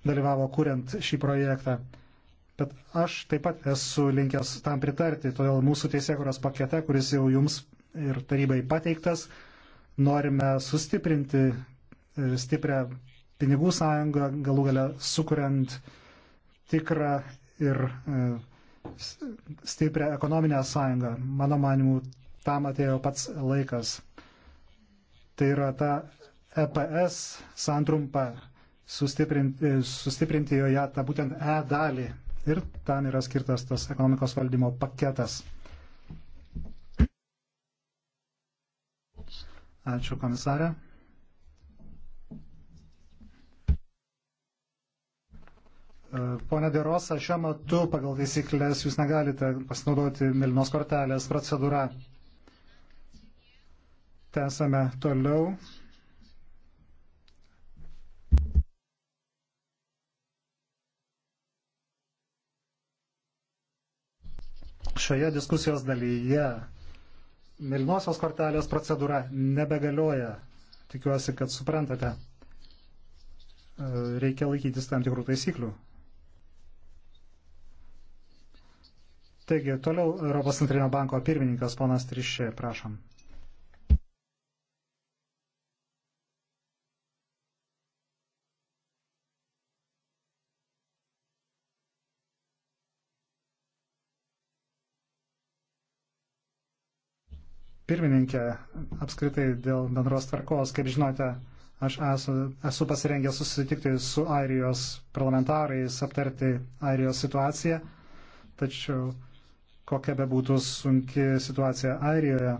dalyvavo kuriant šį projektą. Bet aš taip pat esu linkęs tam pritarti, todėl mūsų teisėkuros pakete, kuris jau jums ir tarybai pateiktas, norime sustiprinti e, stiprią pinigų sąjungą, galų galę sukuriant uh, tikrą ir e, stiprią ekonominę sąjungą. Mano manimu, tam atėjo pats laikas. Tai yra ta EPS santrumpa sustiprinti, e, sustiprinti joje tą būtent E dalį. Ir tam yra skirtas tas ekonomikos valdymo paketas. Ačiū komisarė. Pone Derosa, šiuo metu pagal taisyklės jūs negalite pasinaudoti Milinos kortelės procedūrą. Tęsame toliau. Šioje diskusijos dalyje Milinosios kortelės procedūra nebegalioja. Tikiuosi, kad suprantate. Reikia laikytis tam tikrų taisyklių. Taigi, toliau Europos centrinio banko pirmininkas ponas Trišė, prašom. pirmininkė apskritai dėl bendros tvarkos. Kaip žinote, aš esu, esu pasirengęs susitikti su Airijos parlamentarais, aptarti Airijos situaciją, tačiau kokia be būtų sunki situacija Airijoje.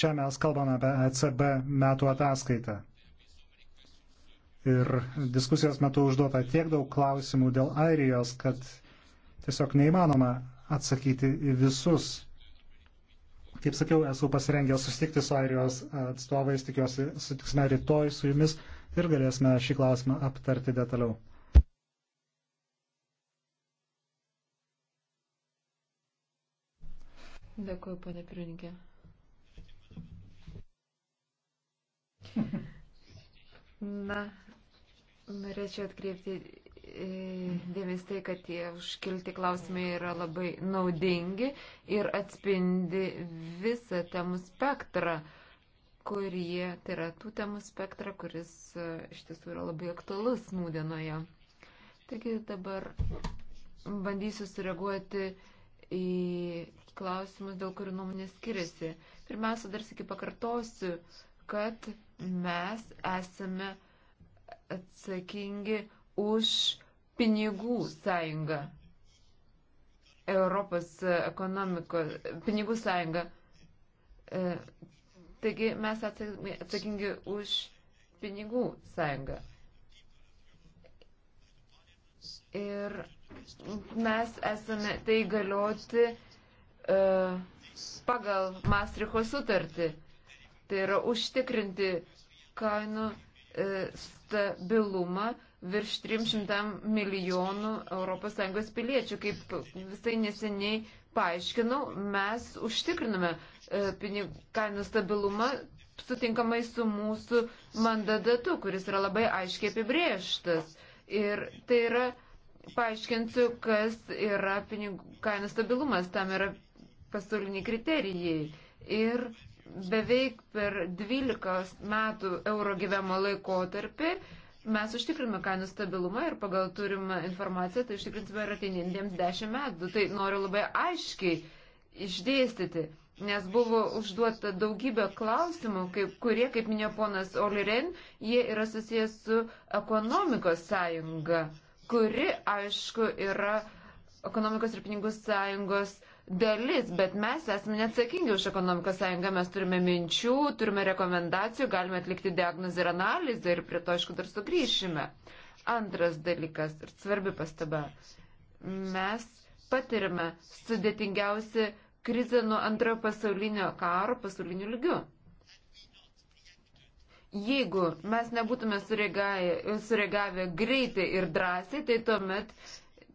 Čia mes kalbame apie ECB metų ataskaitą. Ir diskusijos metu užduota tiek daug klausimų dėl Airijos, kad tiesiog neįmanoma atsakyti į visus. Kaip sakiau, esu pasirengęs susitikti su Airijos atstovais, tikiuosi sutiksime rytoj su jumis ir galėsime šį klausimą aptarti detaliau. Dėkuoju, ponė pirmininkė. Na, norėčiau atkreipti e, dėmesį tai, kad tie užkilti klausimai yra labai naudingi ir atspindi visą temų spektrą, kurie, tai yra tų temų spektrą, kuris e, iš tiesų yra labai aktualus nūdienoje. Taigi dabar bandysiu sureaguoti į klausimus, dėl kurių nuomonės skiriasi. Pirmiausia, dar sėki pakartosiu, kad mes esame atsakingi už pinigų sąjungą. Europos ekonomikos, pinigų sąjunga. E, taigi mes atsakingi už pinigų sąjungą. Ir mes esame tai galioti E, pagal Mastricho sutartį. Tai yra užtikrinti kainų e, stabilumą virš 300 milijonų ES piliečių. Kaip visai neseniai paaiškinau, mes užtikriname e, kainų stabilumą sutinkamai su mūsų mandatu, kuris yra labai aiškiai apibrėžtas. Ir tai yra, paaiškinsiu, kas yra pinigų kainų stabilumas. Tam yra pasauliniai kriterijai. Ir beveik per 12 metų euro gyvenimo laikotarpį mes užtikrime kainų stabilumą ir pagal turimą informaciją tai užtikrinsime ir ateinintiems 10 metų. Tai noriu labai aiškiai išdėstyti nes buvo užduota daugybė klausimų, kaip, kurie, kaip minėjo ponas Oliren, jie yra susijęs su ekonomikos sąjunga, kuri, aišku, yra ekonomikos ir pinigų sąjungos dalis, bet mes esame neatsakingi už ekonomikos sąjungą, mes turime minčių, turime rekomendacijų, galime atlikti diagnozę ir analizę ir prie to, aišku, dar sugrįšime. Antras dalykas ir svarbi pastaba. Mes patirime sudėtingiausią krizę nuo antrojo pasaulinio karo pasauliniu lygiu. Jeigu mes nebūtume sureagavę, sureagavę greitai ir drąsiai, tai tuomet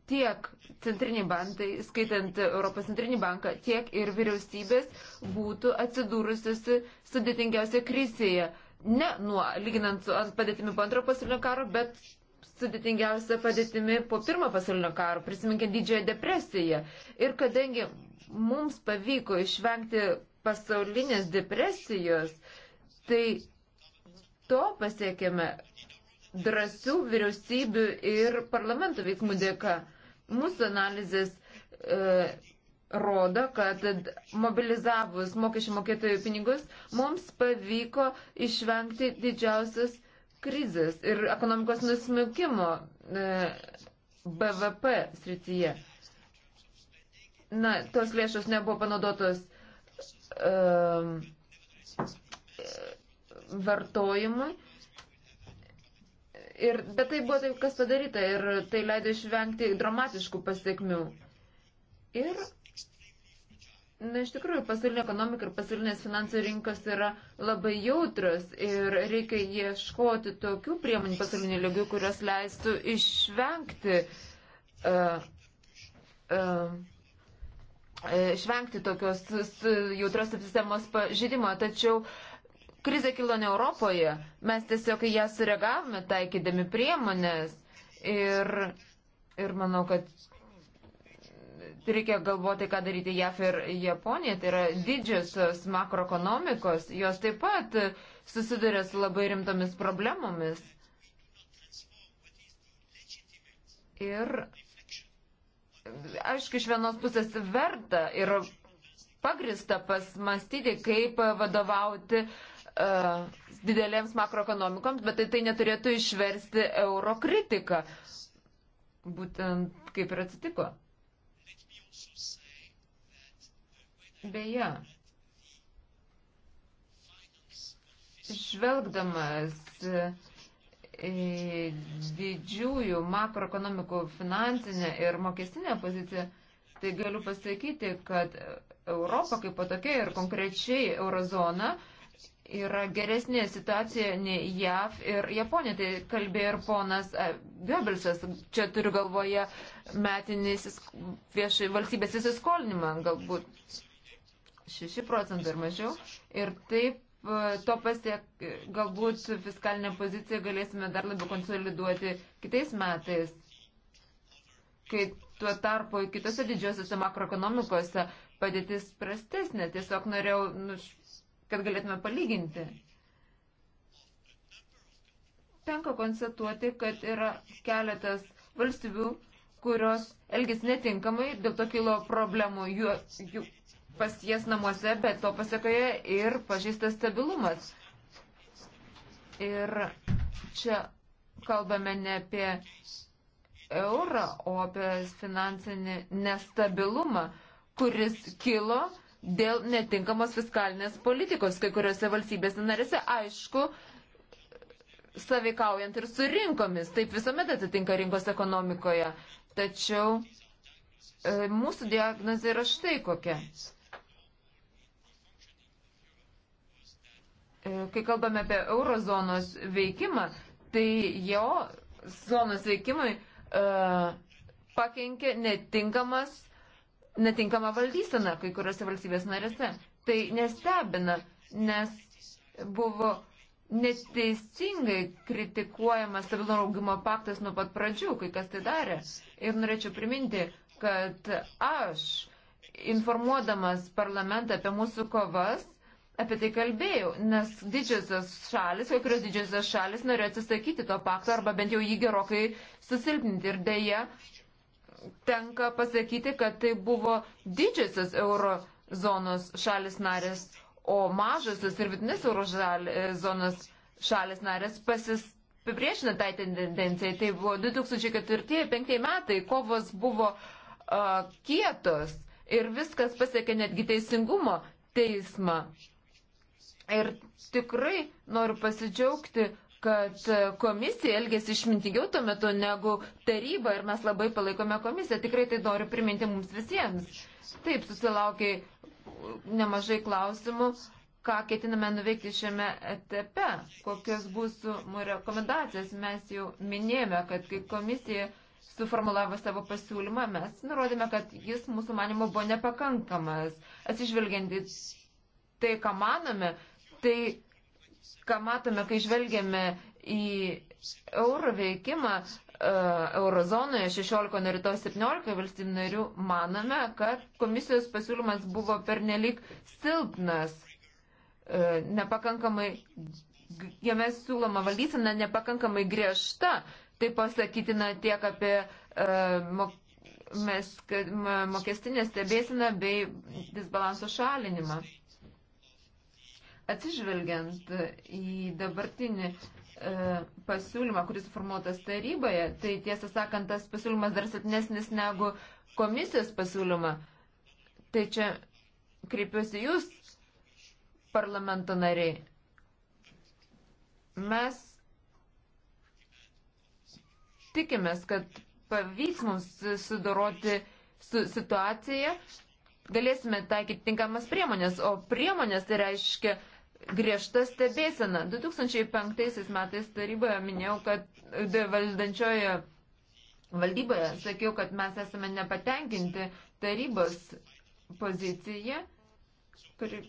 tiek centriniai bankai, skaitant Europos centrinį banką, tiek ir vyriausybės būtų atsidūrusios sudėtingiausioje krizėje. Ne nuo, lyginant su padėtimi po antrojo pasaulinio karo, bet sudėtingiausia padėtimi po pirmo pasaulinio karo, prisiminkant didžiąją depresiją. Ir kadangi mums pavyko išvengti pasaulinės depresijos, tai to pasiekėme, drąsių vyriausybių ir parlamento veiksmų dėka. Mūsų analizės e, rodo, kad mobilizavus mokesčių mokėtojų pinigus, mums pavyko išvengti didžiausios krizės ir ekonomikos nusmukimo e, BVP srityje. Na, tos lėšos nebuvo panaudotos e, e vartojimui, Ir, bet tai buvo taip, kas padaryta ir tai leido išvengti dramatiškų pasiekmių. Ir, na, iš tikrųjų, pasaulinė ekonomika ir pasaulinės finansų rinkos yra labai jautrus ir reikia ieškoti tokių priemonių pasaulinių lygių, kurios leistų išvengti, uh, uh, išvengti tokios jautrios sistemos pažydimo. Tačiau uh, Krize kilo ne Europoje, mes tiesiog ją sureagavome taikydami priemonės ir, ir manau, kad reikia galvoti, ką daryti JAF ir Japonija, tai yra didžiosios makroekonomikos, jos taip pat susiduria su labai rimtomis problemomis. Ir aišku, iš vienos pusės verta ir pagrista pasmastyti, kaip vadovauti uh, uh, didelėms makroekonomikoms, bet tai, tai neturėtų išversti euro kritiką. Būtent kaip ir atsitiko. Beje, žvelgdamas didžiųjų makroekonomikų finansinę ir mokestinę poziciją, tai galiu pasakyti, kad Europa kaip patokia ir konkrečiai eurozona yra geresnė situacija nei JAV ir Japonija. Tai kalbėjo ir ponas e, Goebbelsas. Čia turiu galvoje metinį viešai valstybės įsiskolinimą, galbūt 6 procentai ir mažiau. Ir taip e, to pasiek, galbūt fiskalinę poziciją galėsime dar labiau konsoliduoti kitais metais, kai tuo tarpu kitose didžiosiuose makroekonomikose padėtis prastesnė. Tiesiog norėjau nu, kad galėtume palyginti. Tenka konstatuoti, kad yra keletas valstybių, kurios elgis netinkamai, dėl to kilo problemų jų, jų pas jas namuose, bet to pasiekoje ir pažįstas stabilumas. Ir čia kalbame ne apie eurą, o apie finansinį nestabilumą, kuris kilo dėl netinkamos fiskalinės politikos kai kuriuose valstybėse narėse, aišku, savikaujant ir su rinkomis. Taip visuomet atsitinka rinkos ekonomikoje. Tačiau e, mūsų diagnozė yra štai kokia. E, kai kalbame apie eurozonos veikimą, tai jo zonos veikimui e, pakenkė netinkamas netinkama valdysena kai kuriuose valstybės narėse. Tai nestebina, nes buvo neteisingai kritikuojamas stabilumo augimo paktas nuo pat pradžių, kai kas tai darė. Ir norėčiau priminti, kad aš, informuodamas parlamentą apie mūsų kovas, apie tai kalbėjau, nes didžiosios šalis, kai kurios didžiosios šalis norėjo atsisakyti to pakto arba bent jau jį gerokai susilpninti. Ir dėja, tenka pasakyti, kad tai buvo didžiosios eurozonos šalis narės, o mažosios ir vidinės eurozonos šalis narės pasis. Pipriešina tai tendencijai, tai buvo 2004-2005 metai, kovos buvo uh, kietos ir viskas pasiekė netgi teisingumo teismą. Ir tikrai noriu pasidžiaugti kad komisija elgėsi išmintingiau tuo metu negu taryba ir mes labai palaikome komisiją. Tikrai tai noriu priminti mums visiems. Taip, susilaukiai nemažai klausimų, ką ketiname nuveikti šiame etape, kokios bus rekomendacijos. Mes jau minėjome, kad kai komisija suformulavo savo pasiūlymą, mes nurodėme, kad jis mūsų manimo buvo nepakankamas. Atsižvelgiant į tai, ką manome, tai ką matome, kai žvelgiame į euro veikimą e, eurozonoje 16 nuo rytoj 17 valstybių narių, manome, kad komisijos pasiūlymas buvo pernelik silpnas, e, nepakankamai, jame siūloma valdysena nepakankamai griežta, tai pasakytina tiek apie e, mokestinę stebėsiną bei disbalanso šalinimą. Atsižvelgiant į dabartinį e, pasiūlymą, kuris formuotas taryboje, tai tiesą sakant, tas pasiūlymas dar silpnesnis negu komisijos pasiūlymą. Tai čia kreipiuosi jūs, parlamento nariai. Mes tikimės, kad pavyks mums sudoroti su situacija, galėsime taikyti tinkamas priemonės, o priemonės tai reiškia griežta stebėsena. 2005 metais taryboje minėjau, kad valdančioje valdyboje sakiau, kad mes esame nepatenkinti tarybos poziciją, kuri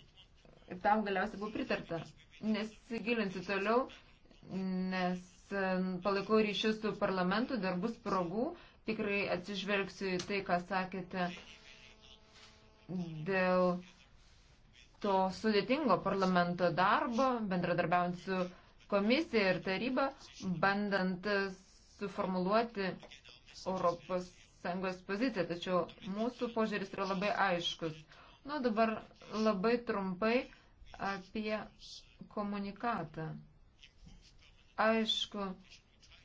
tam galiausiai buvo pritarta. Nesigilinsiu toliau, nes palaikau ryšius su parlamentu, dar bus progų, tikrai atsižvelgsiu į tai, ką sakėte dėl to sudėtingo parlamento darbo, bendradarbiaujant su komisija ir taryba, bandant suformuluoti ES poziciją. Tačiau mūsų požiūris yra labai aiškus. Nu, dabar labai trumpai apie komunikatą. Aišku,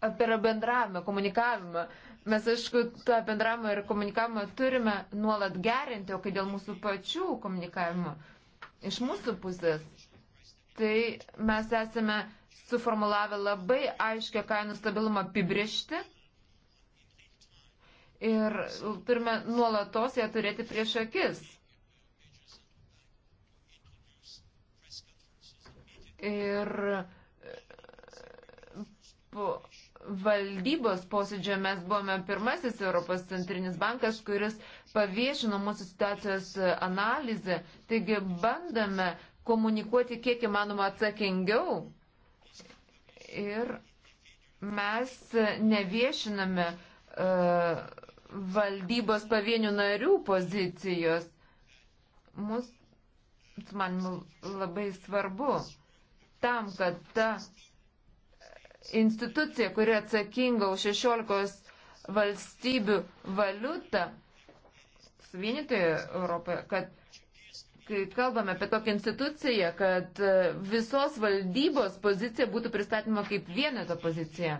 apie bendravimą, komunikavimą. Mes, aišku, tą bendravimą ir komunikavimą turime nuolat gerinti, o kai dėl mūsų pačių komunikavimo, iš mūsų pusės, tai mes esame suformulavę labai aiškę kainų stabilumą apibriežti ir turime nuolatos ją turėti prieš akis. Ir e, po valdybos posėdžio mes buvome pirmasis Europos centrinis bankas, kuris uh, paviešino mūsų situacijos analizę, taigi bandame komunikuoti kiek įmanoma atsakingiau ir mes neviešiname uh, valdybos pavienių narių pozicijos. Mūsų, man labai svarbu, tam, kad ta institucija, kuri atsakinga už 16 valstybių valiutą, vienytoje Europoje, kad kai kalbame apie tokią instituciją, kad e, visos valdybos pozicija būtų pristatoma kaip vieneto pozicija.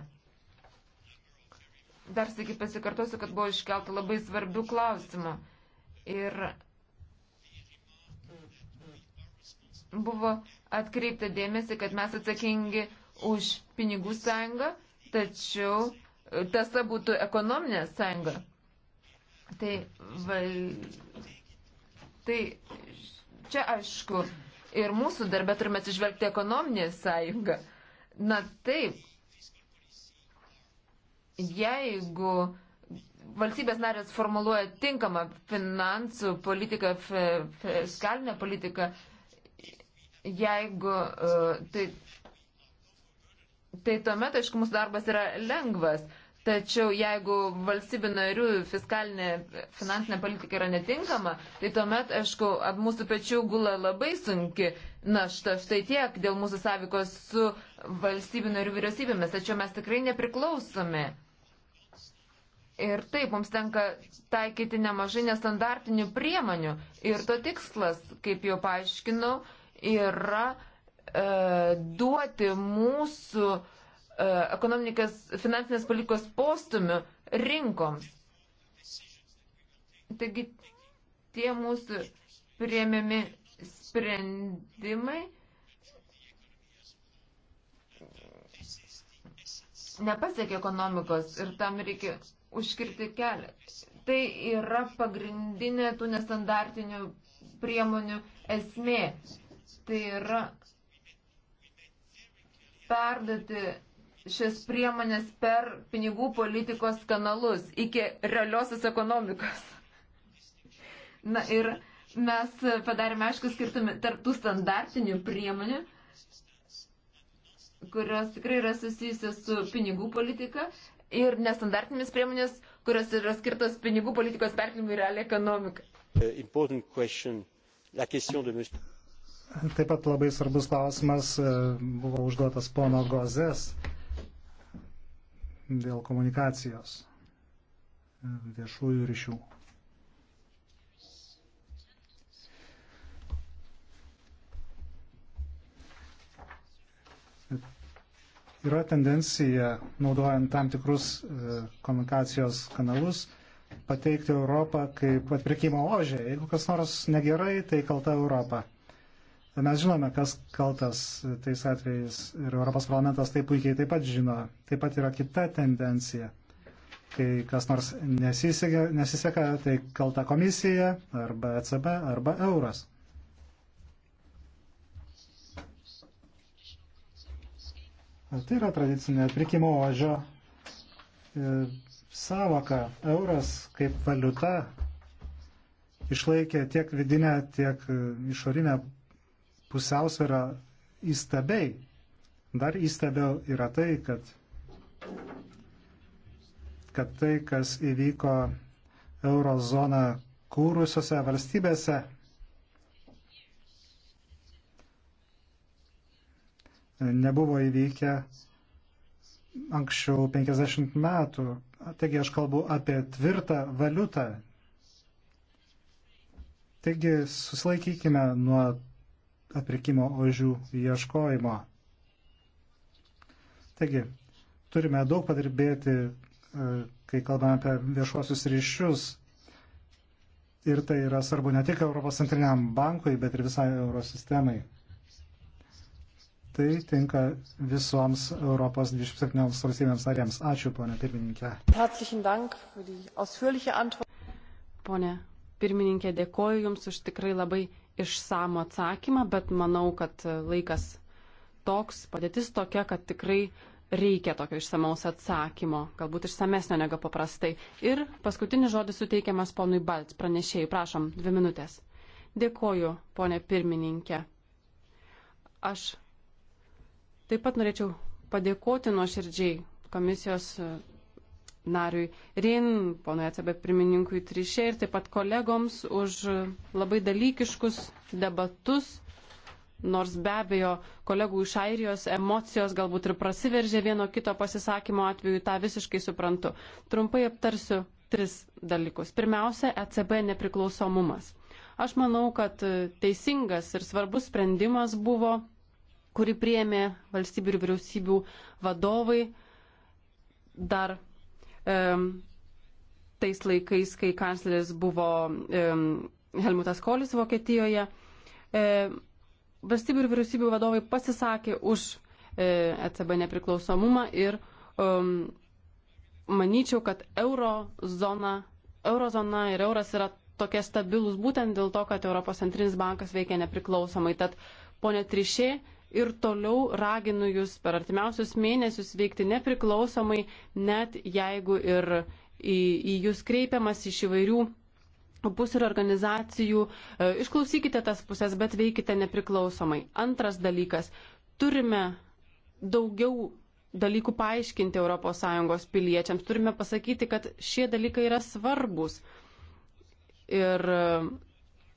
Dar sėki pasikartosiu, kad buvo iškelta labai svarbių klausimų. Ir buvo atkreipta dėmesį, kad mes atsakingi už pinigų sąjungą, tačiau e, tasa būtų ekonominė sąjunga. Tai, val... tai čia aišku, ir mūsų darbę turime atsižvelgti ekonominį sąjungą. Na taip, jeigu valstybės narės formuluoja tinkamą finansų politiką, fiskalinę politiką, jeigu e, tai, tai tuomet, aišku, mūsų darbas yra lengvas. Tačiau jeigu valstybių narių fiskalinė finansinė politika yra netinkama, tai tuomet, aišku, ant mūsų pečių gula labai sunki našta. Štai tiek dėl mūsų sąvykos su valstybių narių vyriausybėmis. Tačiau mes tikrai nepriklausomi. Ir taip, mums tenka taikyti nemažai nestandartinių priemonių. Ir to tikslas, kaip jau paaiškinau, yra e, duoti mūsų e, E, ekonominės finansinės palikos postumių rinkoms. Taigi tie mūsų priemiami sprendimai nepasiekia ekonomikos ir tam reikia užkirti kelią. Tai yra pagrindinė tų nestandartinių priemonių esmė. Tai yra perduoti šias priemonės per pinigų politikos kanalus iki realiosios ekonomikos. Na ir mes padarėme, aišku, skirtumį tarptų standartinių priemonių, kurios tikrai yra susijusios su pinigų politika ir nestandartinėmis priemonės, kurios yra skirtos pinigų politikos perkelimui realią ekonomiką. Taip pat labai svarbus klausimas e, buvo užduotas pono Gozės dėl komunikacijos viešųjų ryšių. Yra tendencija, naudojant tam tikrus e, komunikacijos kanalus, pateikti Europą kaip atpirkimo ožę. Jeigu kas nors negerai, tai kalta Europą. Mes žinome, kas kaltas tais atvejais ir Europos parlamentas tai puikiai taip pat žino. Taip pat yra kita tendencija. Kai kas nors nesiseka, nesiseka tai kalta komisija arba ECB arba euras. Tai yra tradicinė pirkimo ožio e, savoka. Euras kaip valiuta išlaikė tiek vidinę, tiek e, išorinę pusiausvėra įstabiai. Dar įstabiau yra tai, kad, kad tai, kas įvyko eurozoną kūrusiose valstybėse, nebuvo įvykę anksčiau 50 metų. Taigi aš kalbu apie tvirtą valiutą. Taigi susilaikykime nuo aprikimo ožių ieškojimo. Taigi, turime daug padirbėti, e, kai kalbame apie viešuosius ryšius. Ir tai yra svarbu ne tik Europos centriniam bankui, bet ir visai eurosistemai. Tai tinka visoms Europos 27 valstybėms narėms. Ačiū, ponė pirmininkė. Pone pirmininkė, dėkoju Jums už tikrai labai išsamų atsakymą, bet manau, kad laikas toks, padėtis tokia, kad tikrai reikia tokio išsamaus atsakymo, galbūt išsamesnio negu paprastai. Ir paskutinis žodis suteikiamas ponui Balts, pranešėjai, prašom, dvi minutės. Dėkoju, ponė pirmininkė. Aš taip pat norėčiau padėkoti nuoširdžiai komisijos nariui Rin, ponui ECB pirmininkui Trišė ir taip pat kolegoms už labai dalykiškus debatus. Nors be abejo, kolegų iš Airijos emocijos galbūt ir prasiveržė vieno kito pasisakymo atveju, tą visiškai suprantu. Trumpai aptarsiu tris dalykus. Pirmiausia, ECB nepriklausomumas. Aš manau, kad teisingas ir svarbus sprendimas buvo, kurį priemė valstybių ir vyriausybių vadovai dar tais laikais, kai kancleris buvo Helmutas Kolis Vokietijoje. Valstybių ir vyriausybių vadovai pasisakė už ECB e nepriklausomumą ir um, manyčiau, kad eurozona, eurozona ir euras yra tokie stabilūs būtent dėl to, kad Europos centrinis bankas veikia nepriklausomai. Tad, ponė Trišė, ir toliau raginu jūs per artimiausius mėnesius veikti nepriklausomai, net jeigu ir į, į jūs kreipiamas iš įvairių pusių ir organizacijų. E, išklausykite tas pusės, bet veikite nepriklausomai. Antras dalykas. Turime daugiau dalykų paaiškinti ES piliečiams. Turime pasakyti, kad šie dalykai yra svarbus. Ir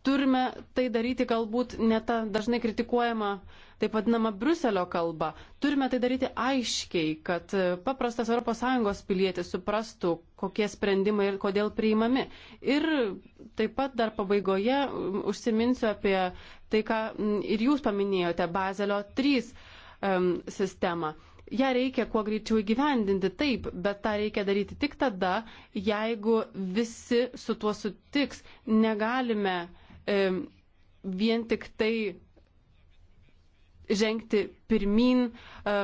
turime tai daryti galbūt ne tą dažnai kritikuojamą taip vadinamą Bruselio kalbą. Turime tai daryti aiškiai, kad paprastas ES pilietis suprastų, kokie sprendimai ir kodėl priimami. Ir taip pat dar pabaigoje užsiminsiu apie tai, ką ir jūs paminėjote, Bazelio 3 um, sistemą. Ja reikia kuo greičiau įgyvendinti, taip, bet tą reikia daryti tik tada, jeigu visi su tuo sutiks. Negalime uh, E, vien tik tai žengti pirmin e,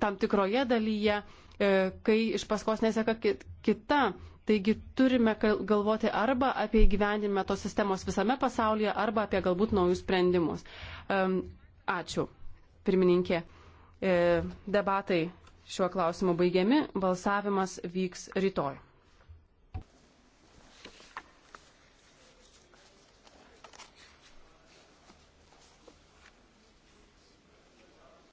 tam tikroje dalyje, e, kai iš paskos neseka kita. Taigi turime galvoti arba apie įgyvendinimą tos sistemos visame pasaulyje, arba apie galbūt naujus sprendimus. Ačiū, pirmininkė. Debatai šiuo klausimu baigiami, balsavimas vyks rytoj.